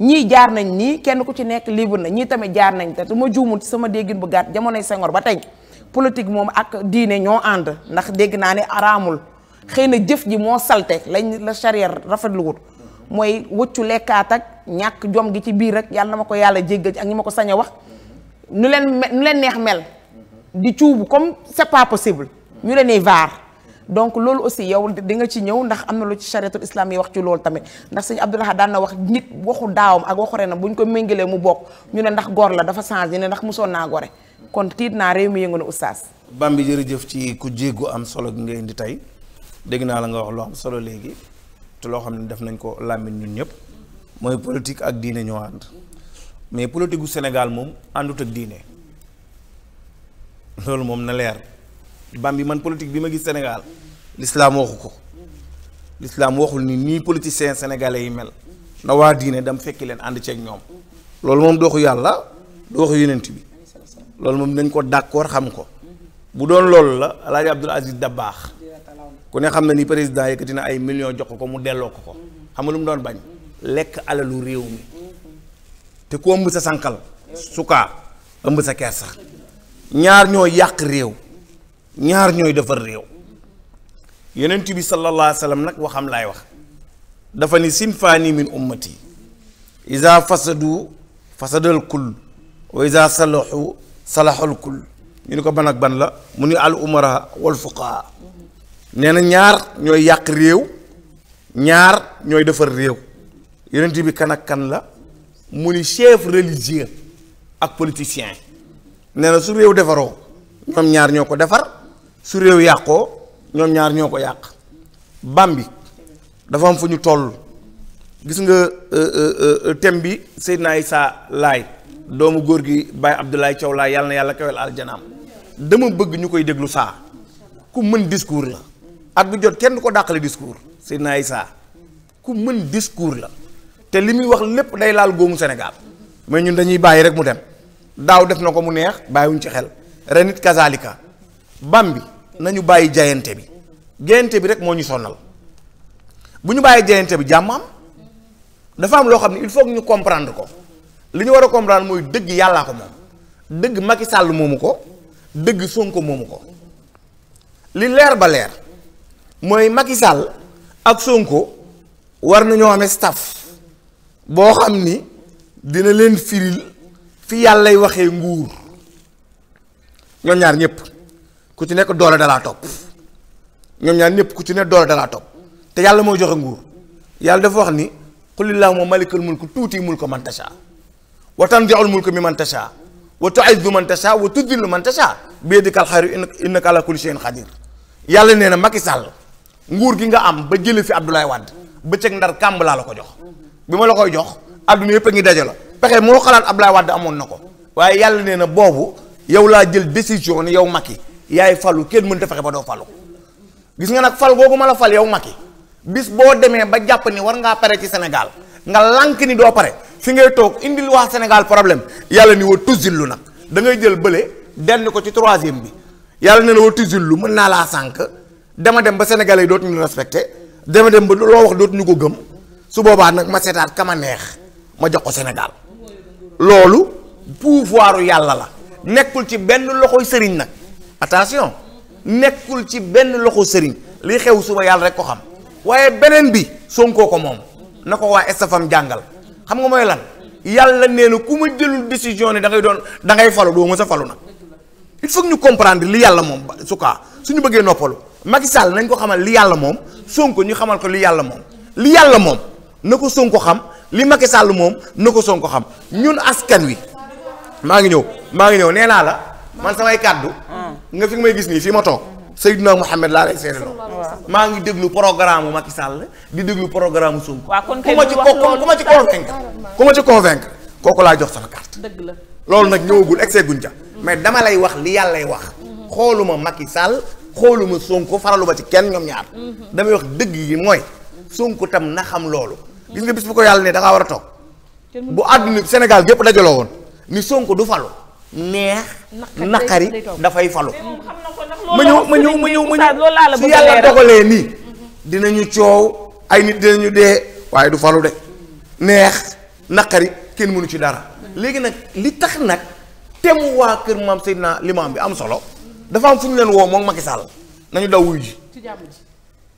ñii jaar nañ nii kenn ku ci nekk libre na ñii tamit jaar nañ te du ma juumul sama déggin bu gàtt jamonoy Senghor ba tey politique moom ak diine ñoo ànd ndax dégg naa ne araamul xëy na jëf ji moo salte lañ la charia rafetlu wut mooy wëccu lekkaat ak ñàkk jom gi ci biir rek yàlla na ma ko yàlla jéggal ak ñi ma ko sañ a wax nu leen nu leen neex mel di cuubu comme c'est pas possible ñu leen di vaar donc loolu aussi yow di nga ci ñëw ndax am na lu ci chariatul islam yi wax ci loolu tamit ndax sëñ Abdoulaye daan na wax nit waxu daawam ak waxu renam bu ñu ko méngalee mu bokk ñu ne ndax góor la dafa changé ne ndax musoon naa gore kon tiit naa réew mi yëngu na oustaz. Bambi jërëjëf ci ku jéggu am solo gi nga indi tey. dégg naa la nga wax loo am solo léegi te loo xam ne def nañ ko làmmiñ ñun ñëpp mooy politique ak diine ñoo ànd mais politique gu Sénégal moom àndut ak diine loolu moom na leer bi man politique bi ma gis Sénégal l'islam waxu ko l'islam waxul ni nii politiciens sénégalais yi mel na waa diine dam fekki leen ànd ceeg ñoom loolu moom doxu yàlla du waxu yonent bi loolu moom nañ ko d'accord xam ko bu doon loolu la El Hadj Abdoul Aziz Dabakh ku ne xam na ni président yëkkati na ay millions jox ko mu delloo ko ko xam nga lu mu doon bañ lekk alalu réew mi te ku ëmb sa sànqal sukaa ëmb sa ker sax ñaar ñooy yàq réew ñaar ñooy defar réew yonent bi sallallahu alayhi wa sallam nag waxam laay wax dafa ne sinfaani min ummati isa fasadu fasadal kull wa isa salahu salahal kull ñu ni ko ban ak ban la mu ni al umara wal fuqaa nee na ñaar ñooy yàq réew ñaar ñooy defar réew yonent bi kan ak kan la mu ni chef religieux ak politicien nee na su réew defaroo ñoom ñaar ñoo ko defar su réew yàqoo ñoom ñaar ñoo ko yàq bam bi dafa am fu ñu toll gis nga euh, euh, euh, thème bi Seydina Issa Laay doomu góor gi Baye Abdoulaye Thiaw Laay yàlla na yàlla kawel aljanaam dama bëgg ñu koy déglu saa ku mën discours la at bu jot kenn du ko dàqale discours Seydina Issa ku mën discours la te li muy wax lépp day laal góomu Sénégal mais ñun dañuy bàyyi rek mu dem daaw def na ko mu neex bàyyiwuñ ci xel ren it kazalika bi nañu bàyyi jayante bi jayante bi rek moo ñu sonnal bu ñu bàyyi jayante bi jàmm dafa am loo xam ne il faut ñu comprendre ko li ñu war a comprendre mooy dëgg yàllaa ko moom dëgg Macky Sall moomu ko dëgg Sonko moomu ko li leer ba leer. mooy Macky Sall ak Sonko war nañoo xam staff boo xam ni dina leen firil fi yàllay waxee nguur ñoom ñaar ñëpp ku ci nekk doole dalaa topp ñoom ñaar ñëpp ku ci nekk doole dalaa topp te yàlla mooy joxe nguur yàlla dafa wax ni qulillahumma malikal mulk tuuti mulka man tasha wa tanzi'ul mulka mimman tasha wa tu'izzu man tasha wa tudhillu man tasha biyadikal khayru innaka ala kulli shay'in qadir yàlla nee na Macky Sall nguur gi nga am ba jële fi Abdoulaye Wade bëccëg ndar kàmb laa la ko jox bi ma la koy jox adduna yëpp a ngi daje la pexe moo xalaat Abdoulaye Wade amoon na ko waaye yàlla nee na boobu yow laa jël décision ne yow yi yaay falu kenn mënta fexe ba doo falu gis nga nag fal googu ma la fal yow yi bis boo demee ba jàpp ni war ngaa pare ci Sénégal nga lànk ni doo pare fi ngay toog indil waa Sénégal problème yàlla ni wa tusil lu nag da ngay jël bële denn ko ci troisième bi yàlla ne na wa tusil lu mën naa laa sànq dama dem ba sénégalais yi dootuñu respecté dema dem ba loo wax dootuñu ko gëm su boobaa nag ma seetaat kama neex ma jox ko Sénégal loolu pouvoiru yàlla la nekkul ci benn loxo sëriñ nag attention nekkul ci benn loxo sëriñ li xew suba yàlla rek ko xam waaye beneen bi Sonko ko moom na ko waa estafam jàngal xam nga mooy lan yàlla nee na ku ma jëlul décision ne da ngay doon da ngay falu doo ma sa falu nag il faut ñu comprendre li yàlla moom su kaa suñu bëggee noppalu Macky Sall nañ ko xamal li yàlla moom Sonko ñu xamal ko li yàlla moom li yàlla moom na ko Sonko xam li Macky Sall moom na ko Sonko xam ñun askan wi maa ngi ñëw maa ngi ñëw nee naa la man samay kàddu nga fi may gis nii fi ma toog Seydina Mouhamed laa lay seede loo maa ngi déglu programme Macky Sall di déglu programme Sonko ku ma ci ku ma ci convaincre ku ma ci convaincre kooku laa jox sama carte la loolu nag ñëwagul excès guñ ca mais dama lay wax li yàllay wax xooluma Macky Sall xooluma sonk faralu ma ci kenn ñoom ñaar. damay wax dëgg yi mooy. Sonko tam na xam loolu. gis nga bis bu ko yàlla ne da war a toog. bu àdduna Sénégal gépp dajaloo woon ni Sonko du falu. neex naqari dafay falu. ma ñëw ma ñëw ma ñëw ma ñëw su yàlla dogalee nii. dinañu coow ay nit dinañu dee waaye du falu de. neex naqari kenn mënu ci dara. léegi nag li tax nag te mu waa kër maam Seydina limon bi am solo. dafa am fu ñu leen woo moom Macky Sall nañu daw wuyu ji.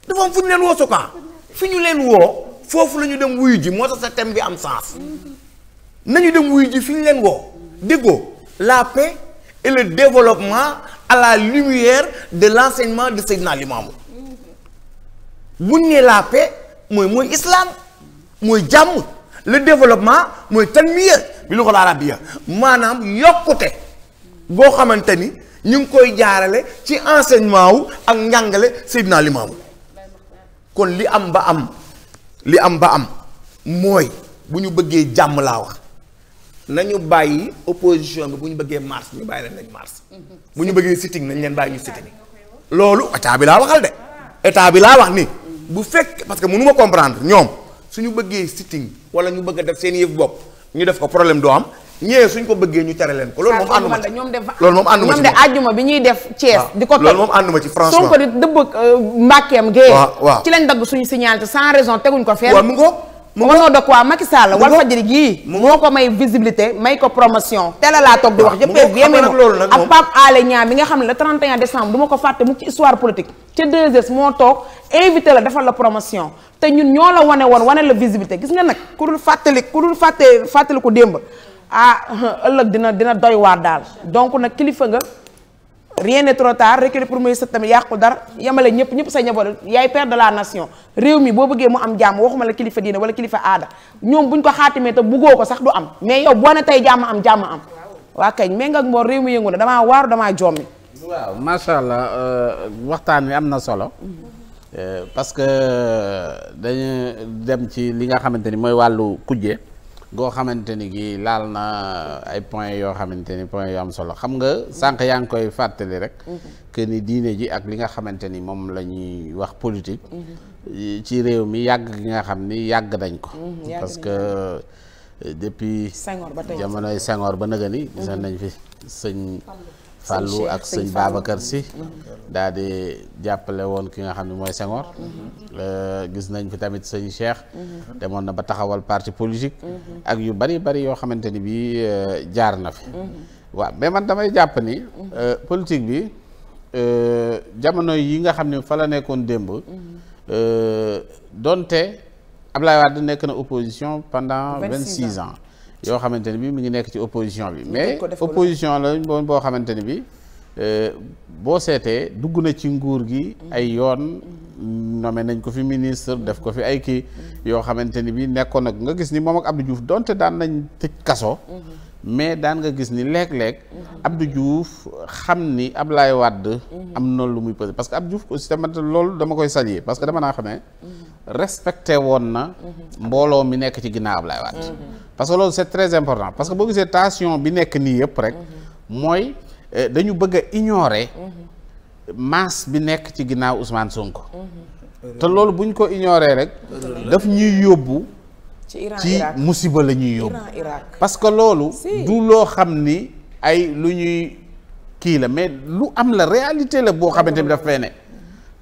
dafa am fu ñu leen woo Soka fi ñu leen woo foofu la ñu dem wuy ji moo tax sa thème bi am sens nañu dem wuyu ji fi ñu leen woo déggoo la paix et le développement à la lumière de l'enseignement de Seydina Limamou bu ñu nee la paix mooy mooy islam mooy jàmm le développement mooy tanmiya bi lu ko laaraab bi maanaam yokkute boo xamante ni. ñu ngi koy jaarale ci enseignement wu ak njàngale Seydina Limaamu kon li am ba am li am ba am mooy bu ñu bëggee jàmm laa wax nañu bàyyi opposition bi bu ñu bëggee mars ñu bàyyi leen nañ mars bu ñu bëggee sitting nañ leen bàyyi ñu sitting loolu état bi laa waxal de état bi laa wax ni bu fekk parce que mënu ma comprendre ñoom suñu bëggee sitting wala ñu bëgg a def seen yëf bopp ñu def ko problème doo am ñëwee suñ ko bëggee ñu tere leen ko loolu moom ànduma ci loolu moom ànduma ci ñoom de àjjuma bi di dëbb euh, mbàkkeem gée ci lañ dagg suñu signal te sans raison teguñ ko fenn waaw mu ngoog mu ngoog dok waa Macky Sall wal fajiri gii moo ko may visibilité may ko promotion tele laa toog di wax jëppee yemee loolu nag ak Pape Alé Niang nga xam ne le 31 décembre ko fàtte mu ci histoire politique ca 2S moo toog invité la defal la promotion te ñun ñoo la wane woon wane la visibilité gis nga nag ku dul fàttali ku dul fàtte fàttali ko démb ah ëllëg dina dina doy waar daal donc nag kilifa nga rien n'est trop tard pour muy set tamit yàqu dara yemale ñëpp ñëpp sa njaboot yaay per de la nation réew mi boo bëggee mu am jàmm waxuma la kilifa diine wala kilifa aada ñoom buñ ko xaatimee te buggoo ko sax du am mais yow boo ne tey jàmm am jàmm am waa kañ mais nga mboor réew mi yëngu na damaa waaru damaa jommi. waaw macha allah euh, waxtaan wi am na solo. Euh, parce que euh, dañu dem ci li nga xamante ni mooy wàllu kujje. goo xamante ni gii laal na euh, ay point yoo xamante ni point yu am solo xam nga sànq yaa ngi koy fàttali rek mhm. que ni diine ji ak li nga xamante ni moom la ñuy wax politique mhm. ci réew mi yàgg gi nga xam ni yàgg dañ ko mhm, parce que euh, depuis jamonoy Senghor ba nëga ni nañ fi sëñ Fallou ak sëñ Babacar Sy mm-hmm. daal di jàppale woon ki nga xam ne mooy Senghor mm-hmm. euh, gis nañ fi tamit sëñ Cheikh mm-hmm. demoon na ba taxawal parti politique ak yu bari bari yoo xamante ni bi euh, jaar na fi waaw mais man damay jàpp ni euh, politique bi jamono yi nga xam ne fa la nekkoon démb donte Ablaye Wade nekk na opposition pendant vingt six ans yoo xamante ne bi mu ngi nekk ci opposition bi mais opposition la moom boo xamante ne bi euh, boo seetee dugg na ci nguur gi ay mm-hmm. yoon mm-hmm. nommé nañ ko fi ministre def ko fi ay kii mm-hmm. yoo xamante ni bi nekkoon nag nga gis ni moom ak Abdou Diouf donte daan nañ tëj kaso mais daan nga gis ni léeg-léeg Abdou Diouf xam ni Ablaye Wade am na lu muy posé parce que Abdou Diouf aussi tamit dama koy saluer parce que dama naa xamee respecté woon na mbooloo mi nekk ci ginnaaw Ablaye Wade parce que loolu c'est très important parce que boo gisee tension bi nekk nii yëpp rek mooy eh, dañu bëgg a ignorer masse bi nekk ci ginnaaw Ousmane Sonko te loolu buñ ko ignorer rek daf ñuy yóbbu ci musiba la ñuy yóbbu parce que loolu du loo xam ni ay lu ñuy kii la mais lu am la réalité la boo xamante ni daf fee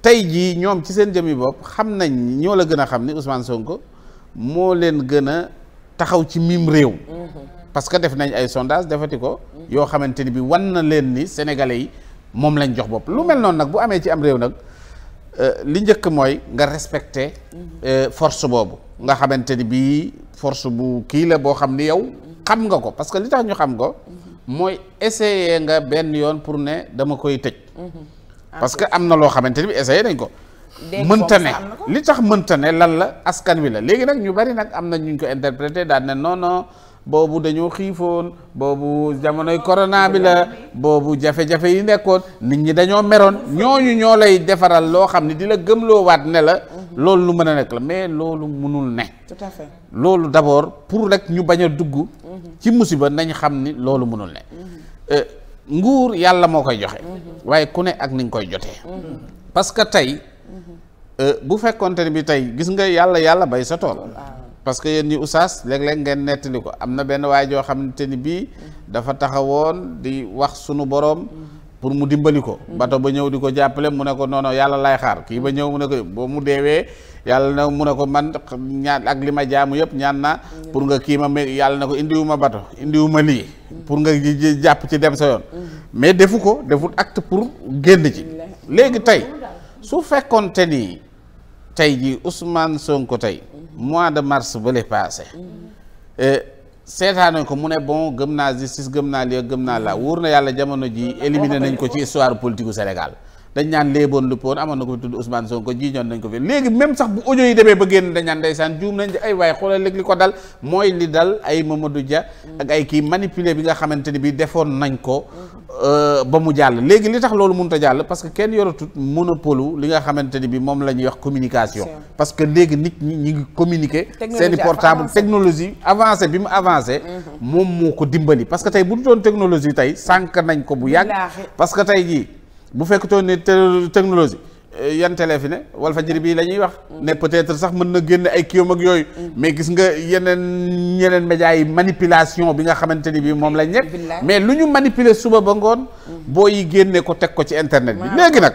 tey jii ñoom ci seen jëmi bopp xam nañ ñoo la gën a xam ni Ousmane ko moo leen gën a taxaw ci mim réew. parce que def nañ ay sondage defati ko. yoo xamante ni bi wan na leen ni sénégalais yi moom lañ jox bopp lu mel noonu nag bu amee ci am réew nag euh, li njëkk mooy nga respecter euh, force boobu nga xamante ni bii force bu kii la boo xam ni yow xam nga ko parce que li tax ñu xam ko mooy essayer nga benn yoon pour ne dama koy tëj. Ah, parce que am na loo xamante ni bi essayé nañ ko mënta ne li tax mënta ne lan la askan wi la léegi nag ñu bari nag am na ñu ko interprété daal ne non non boobu dañoo xiifoon boobu jamonoy corona bi la boobu jafe-jafe yi nekkoon nit ñi dañoo meroon ñooñu ñoo lay defaral loo xam ne di la gëmloo waat ne la mhm. loolu lu mën a nekk la mais loolu mënul ne tout à fait loolu d'abord pour rek ñu bañ a dugg mhm. ci musiba nañ xam ni loolu mënul ne mhm. euh, nguur yàlla moo koy joxe mhm. waaye ku ne ak ni nga koy jotee mhm. parce que tey mhm. euh, bu fekkonte ne bi tey gis nga yàlla yàlla bay sa tool parce que yéen ñi oustaz léeg ngeen nettali ko am na benn waay joo xam ne ni bii dafa taxawoon di wax sunu boroom pour mu dimbali ko. bato ba ñëw di ko jàppale mu ne ko non yàlla lay xaar kii ba ñëw mu ne ko boo mu deewee yàlla na mu ne ko man ñaan ak li ma jaamu yëpp ñaan naa pour nga kii ma yàlla na ko indiwuma bato indiwuma lii. pour nga jàpp ci dem sa yoon. mais defu ko deful acte pour génn ci. léegi tey su fekkoon te ni tey jii son ko tey. mois de mars ba le eh, seetaan nañ ko mu ne bon gëm naa justice gëm naa lii gëm naa la wóor na yàlla jamono ji éliminé nañ ko ci histoire politique gu Sénégal dañ ñaan léeboon lu poon amoon na ko fi tudd Ousmane Sonko jiiñoon nañ ko fi léegi même sax bu audio yi demee ba génn dañ ñaan ndeysaan juum nañ ay waaye xoolal léegi li ko dal mooy li dal ay Mamadou Dia ay kii manipuler bi nga xamante ni bi defoon nañ ko euh, ba mu jàll léegi li tax loolu mënut a jàll parce que kenn yoratut monopole li nga xamante ni bi moom la ñuy wax communication parce que léegi nit ñi ñi ngi communiquer seeni portable technologie avancé bi mu avancer mhm. moom moo ko dimbali parce que tey bu du doon technologie tey sànk nañ ko bu yàgg parce que tey jii bu fekktoon ne technologie eh, yan télé fi ne Walfadjri bii la ñuy wax ne peut-être sax mën na génn ay kiom yooyu mais gis nga yeneen yeneen médias yi manipulation bi nga xamante ni bii moom lañ nekk mais lu ñu manipuler suba ba ngoon mm. boo yi génne ko teg ko ci internet bi léegi nag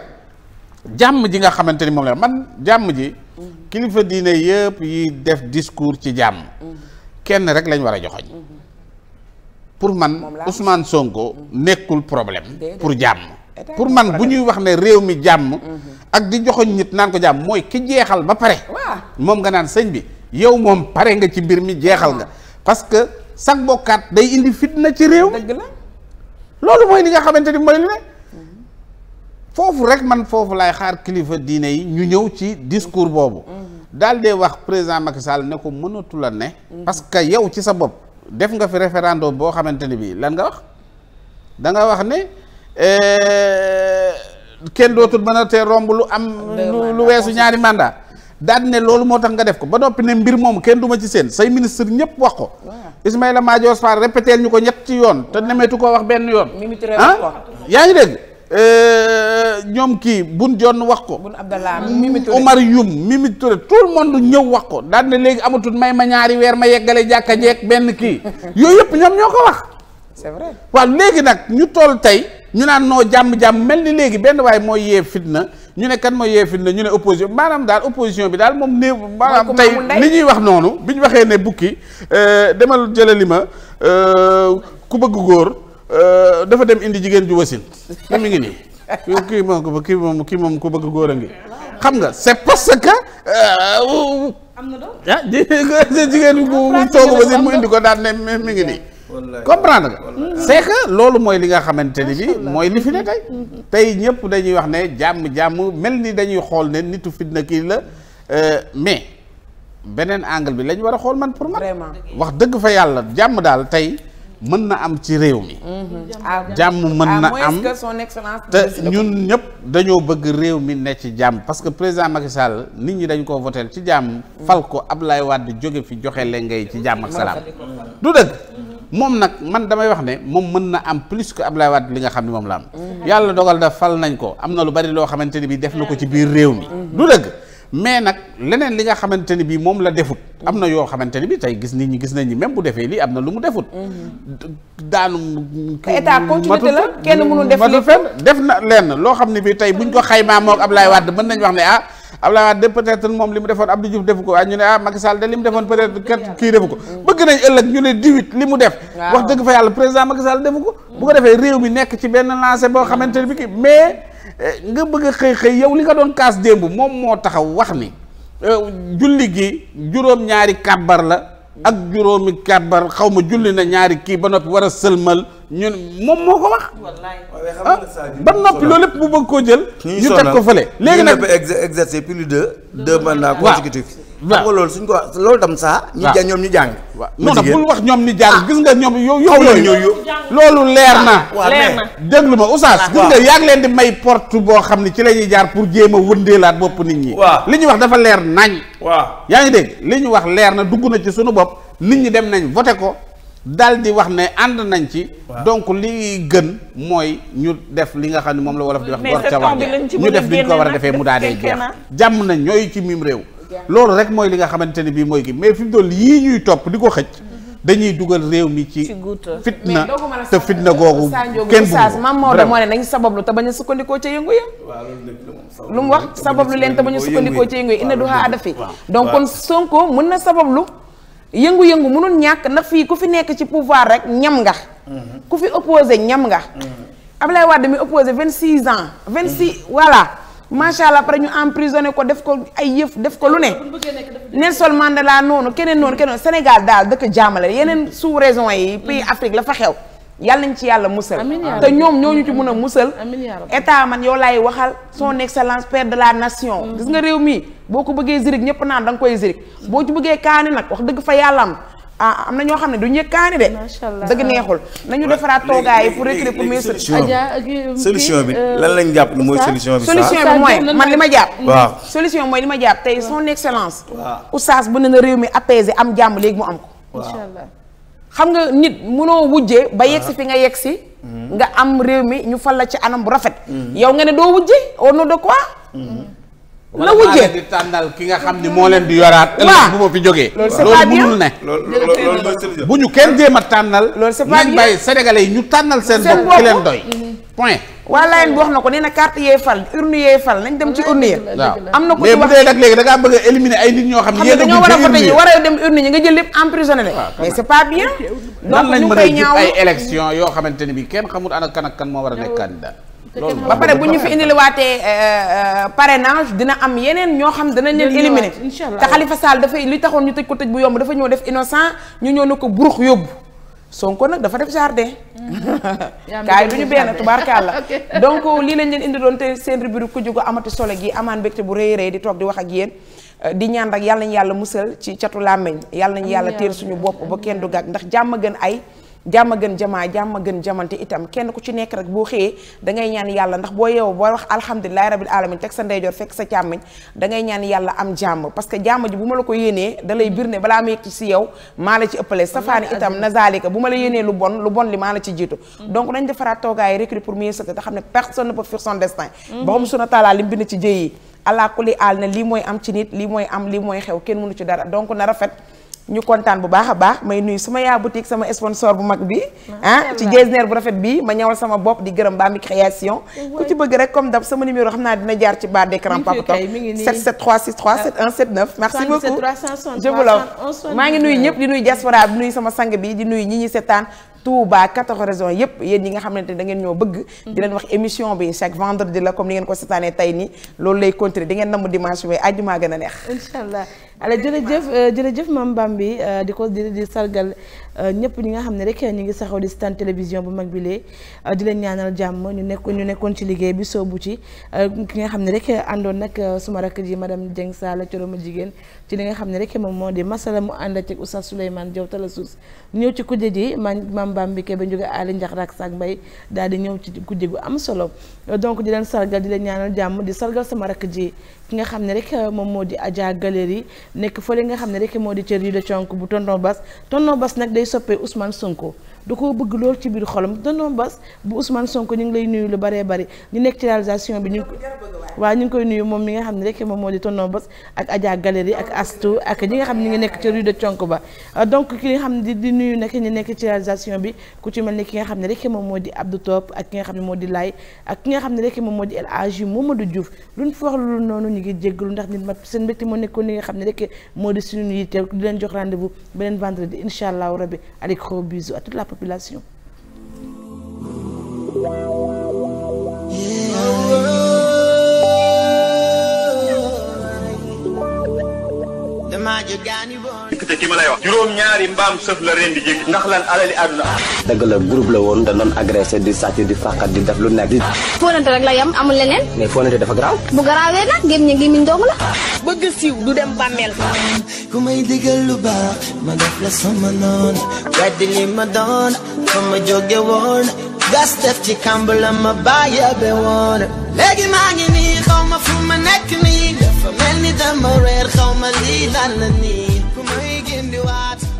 jàmm ji nga xamante ni moom la man jàmm ji mm. kilifa diine yëpp yi def discours ci jàmm mm. kenn rek lañ war a joxoñ mm-hmm. pour man Ousmane Sonko nekkul problème pour jàmm pour man bu ñuy wax ne réew mi jàmm mhm. ak di joxoñ nit naan ko jàmm mooy ki jeexal ba pare moom nga naan sëñ bi yow moom pare nga ci mbir mi jeexal nga parce que sax bokkaat day indi fitna ci réew dëgg la loolu mooy li nga xamante ni mooy lu ne mhm. foofu rek man foofu laay xaar kilifa diine yi ñu ñëw ci discours mhm. boobu daal dee wax présent Macky Sall ne ko mënatu la ne parce yow ci sa bopp def nga fi référendum boo xamante ni bii lan nga wax da nga wax ne Eh, kenn dootul mën a te romb lu am lu weesu ñaari mandat daal ne loolu moo tax nga def ko ba noppi ne mbir moom kenn duma ci seen say ministre ñëpp wax ko Ismaïla Madior Fall répété ñu ko ñetti yoon te nemetu koo wax benn yoon ah yaa ngi dégg eh, ñoom kii bun jonn wax ko bun Abdallah Mimi Touré Omar Youm Mimi Touré tout le monde ñëw wax ko daal ne léegi amatul may ma ñaari weer ma yeggale jàkka jeeg benn kii <laughs> yooyu yëpp ñoom ñoo ko wax c'est vrai waaw léegi nag ñu toll tey ñu naan noo jàmm-jàmm mel ni léegi benn waaye mooy yee fitna ñu ne kan mooy yee fitna ñu ne opposition maanaam daal opposition bi daal moom néew maanaam tey li ñuy wax noonu bi ñu waxee ne bukki euh, demal jëlali ma euh, ku bëgg góor euh, dafa dem indi jigéen ju wasin mu mi ngi nii kii moom ki moom kii moom ku bëgg góor a ngi xam nga c'est parce que am na doom ah jigéen bu toogu wasin mu indi ko daal ne mi ngi nii comprendre nga mm-hmm. c'est que loolu mooy li nga xamante ni bi mooy li fi ne tey mm-hmm. tey ñëpp dañuy wax ne jàmm-jàmm mel ni dañuy xool ne nitu fitna kii la euh, mais beneen angle bi lañ war a xool man pour man wax dëgg fa yàlla jàmm daal tey mën na am ci réew mi mm-hmm. jàmm mën na am te ñun ñëpp dañoo bëgg réew mi ne ci jàmm parce que président Macky nit ñi dañ ko votel ci jàmm fal ko ab Ablaye Wade jóge fi joxe leen ngay ci jàmmak ak salaam du dëgg moom nag man damay wax ne moom mën na am plus que Abdoulaye Wade li nga xam ne moom la am yàlla dogal da fal nañ ko am na lu bari loo xamante ni bi def na ko ci biir réew mi lu dëgg mais nag leneen li nga xamante ni bi moom la defut am na yoo xamante ni bi tey gis nit ñi gis nañ ni même bu defee lii am na lu mu defut daanu état continuité la kenn mënul def li def na lenn loo xam ne bi tey buñ ko xaymaa moog Abdoulaye Wade mën nañ wax ne ah Abdoulaye Wade de peut-être moom li mu defoon Abdou Diouf defu ko waaye ñu ne ah Macky Sall de li mu defoon peut-être kat kii defu ko mm. bëgg nañ ëllëg ñu ne diwit li mu def wax dëgg fa yàlla président Macky Sall defu ko bu ko defee réew mi nekk ci benn lancé boo xamante ne bi kii mais eh, nga bëgg xëy xëy yow li nga doon kaas démb moom moo taxaw wax ni eh, julli gi juróom-ñaari kàbbar la ak juróomi kàbbar xaw ma julli na ñaari kii ba noppi war a sëlmal ñun moom moo ko wax. wallaay ah, ba noppi loolu lépp bu bëgg koo jël. ñu teg ko fële. léegi nag exercer plus de deux mandats consécutifs xam nga loolu suñ ko loolu tam saa. ñi ja ñoom ñu jàng. waaw non non bul wax ñoom ni jàng ah. gis nga ñoom yow. yow yooyu loolu leer na. Ah. leer na déglu ma Oustaz. gis nga yaa ngi leen di may port boo xam ne ci la ñuy jaar pour jéema a wëndeelaat bopp nit ñi. li ñu wax dafa leer nañ. waaw yaa ngi dégg li ñu wax leer na dugg na ci suñu bopp nit ñi dem nañ voté ko. daal di wax ne ànd nañ ci. donc li gën mooy ñu def li nga xam ne moom la wolof di wax. gor ca wax ñu def bi ñu ko war a defee mu daal di jeex. jàmm na ñooy ci mim réew. loolu rek mooy li nga xamante ne bii mooy gi mais fi mu doon yii ñuy topp di ko xëcc dañuy dugal réew mi ci fitna te fitna googu kenn bu maam Maodo moo ne nañ sabablu te bañ a sukkandikoo ca yëngu ya lu mu wax sabablu leen te bañ a sukkandikoo ca yëngu ya inna duha adafi donc kon Sonko mën na sabablu yëngu-yëngu mënul ñàkk ndax fii ku fi nekk ci pouvoir rek ñam nga mhm. ku fi opposé ñam nga mhm. Ablaye waa mi opposé vingt six ans vingt six voilà macha allah après ñu emprisonné ko def ko ay yëf def ko lu ne. Nelson Mandela noonu keneen noonu keneen Sénégal daal dëkk jaamale yeneen sous raison yi. pays Afrique la fa xew. yàlla nañ ci yàlla musal te ñoom ñoo ñu ci mun a musal état man yow laay waxal son excellence per de la nation mm-hmm. gis nga réew mii boo ko bëggee zirik ñëpp naan da nga koy zirik boo ci bëggee kaani nag wax dëgg fa yàlla am ah am na ñoo xam ne duñ yëkkaani de. macha allah dëgg neexul nañu defaraat toogaay pour recréer pour mieux. solution bi euh, lan lañ jàpp ne mooy solution bi. solution bi mooy man li ma jàpp. waaw solution mooy li ma jàpp tey son excellence. waaw oustaz bu ne na réew mi apaiser am jàmm léegi mu am ko. incha allah xam nga nit mënoo wujjee ba yegsi fi nga yegsi. Mm-hmm. nga am réew mi ñu fal la ci anam bu rafet. Mm-hmm. yow nga ne doo wujje au nom de quoi. Mm-hmm. la wujjee di tàndal ki nga xam ni moo leen di yoraat. waaw bu ma fi jógee. loolu mënul ne. bu ñu kenn jéem a tànnal. loolu c'est pas bien bàyyi sénégalais ñu tànnal seen bopp ki leen doy. Mm-hmm. point. waa Layeen bi wax na ko ñoo xam ne. yéen nga jël lépp emprisonné leen. Ah, mais c'est pas koy ñaaw ay élection yoo xamante ni bi kenn xamul ana kan kan moo war a nekk candidat ba pare bu ñu fi indiliwaatee euh, euh, parrainage dina am yeneen ñoo xam danañ leen éliminer te Khalifa Sall dafay li taxoon ñu tëj ko tëj bu yomb dafa ñëw def innocent ñu ñëw na ko burux yóbbu Sonko nag dafa def jardin <laughs> kaay du ñu benn tubaarkàlla <laughs> donc lii lañ leen indi doon te seen rubrique ku jógu amati solo gi amaan mbégte bu rëy rëy di toog di wax ak yéen euh, di ñaan rek yàlla nañu yàlla musal ci catu làmmiñ yàlla nañu yàlla téer suñu bopp ba kenn du gàgg ndax jàmm gën ay jàmm gën jamaa jàmm gën jamante itam kenn ku ci nekk rek boo xëyee da ngay ñaan yàlla ndax boo yeewoo boo wax alhamdulilahi rabil alamin teg sa ndeyjoor fekk sa càmmiñ da ngay ñaan yàlla am jàmm parce que jàmm ji bu ma la ko yéenee dalay lay ne balaa ma yegg si yow maa la ci ëppale safaani itam nazalika bu ma la yéenee lu bon lu bon li maa la ci jiitu mm. donc nañ defaraat toogaay recul pour mieux sauter te xam ne personne ne peut son destin mm. borom suna taalaa li mu bind lii mooy am lii mooy am lii mooy xew ci dara donc na rafet ñu kontaan bu baax a baax may nuyu suma yaa boutique sama sponsor bu mag bi ah, ah ci designer bu rafet bi ma ñëwal sama bopp di gërëm Bambi création ku ci bëgg rek comme dab sama numéro xam naa dina jaar ci barre d'écran papa top 77 363 7179 merci beaucoup je vous love maa ngi nuyu ñëpp di nuyu diaspora di nuyu sama sang bi di nuyu ñi ñi seetaan Touba 14 régions yëpp yéen ñi nga xamante ne da ngeen ñoo bëgg mm-hmm. di leen wax émission bi chaque vendredi la comme ni ngeen ko seetaanee tey ale jërëjëf euh, jërëjëf Mame Bambi euh, di ko di di sargal euh, ñëpp ñi nga xam ne rek ñu ngi saxaw di stan télévision bu mag bi lee di leen ñaanal jàmm ñu nekk ñu nekkoon ci liggéey bi soobu ci ki nga xam ne rek àndoon nag suma rakk ji madame Dieng coro ma jigéen ci li nga xam ne rek moom moo di masala mu ànd ak Oustaz Souleymane Diaw Talla Suus ñëw ci kujje ji man bi Bambi ba jóge Ali Ndiax Rak Sak Mbay daal di ñëw ci kujje gu am solo donc di leen sargal di leen ñaanal jàmm di sargal sama rakk ji nga xam ne rek euh, moom moo di Adja Galerie nekk fële nga xam ne rek moo di ca rue de Thionk bu tonton Bass tonton Bass nag day soppee Ousmane Sonko. du ko bëgg loolu ci biir xolam tonton Bass bu Ousmane Sonko ñu ngi lay nuyu lu baree bari ñu nekk ci bi ñu waaw ñu ngi koy nuyu moom mi nga xam ne rek moom moo di tonton Bass ak Adja Galerie nga xam ne ñu nekk ci de Thionk ba euh, donc ki nga xam ne di nuyu nag ñu nekk ci bi ku ci mel ni ki nga xam ne rek moom moo di Abdou Top ak ki nga ne moo di Laye nga xam ne rek moom moo di El Hadji Mamadou Diouf lu ndax nit mat seen mbégte moo nekkoon li nga xam ne rek moo di suñu yitte di leen jox rendez-vous beneen vendredi incha allahu rabbi allez gros bisous à toute la population. Yeah. ma lay wax. juróom ñaari mbaam sëf la ren di ndax lan alali àdduna. dëgg la groupe la woon da doon agressé di sàcc di fàqat di def lu nekk. fóonante rek la yam amul leneen. mais fóonante dafa garaaw. bu garaawee nag ngir ñu ngi min dong la. bëgg siiw du dem bàmmeel. ku may digal lu baax ma def la sama noon weddi li ma doon fa ma jóge woon gas def ci kàmb la ma bàyyi be léegi maa ngi nii xaw ma fu ma nekk nii. fa mel ni dama reer xaw ma lii lan la nii fu may génn waat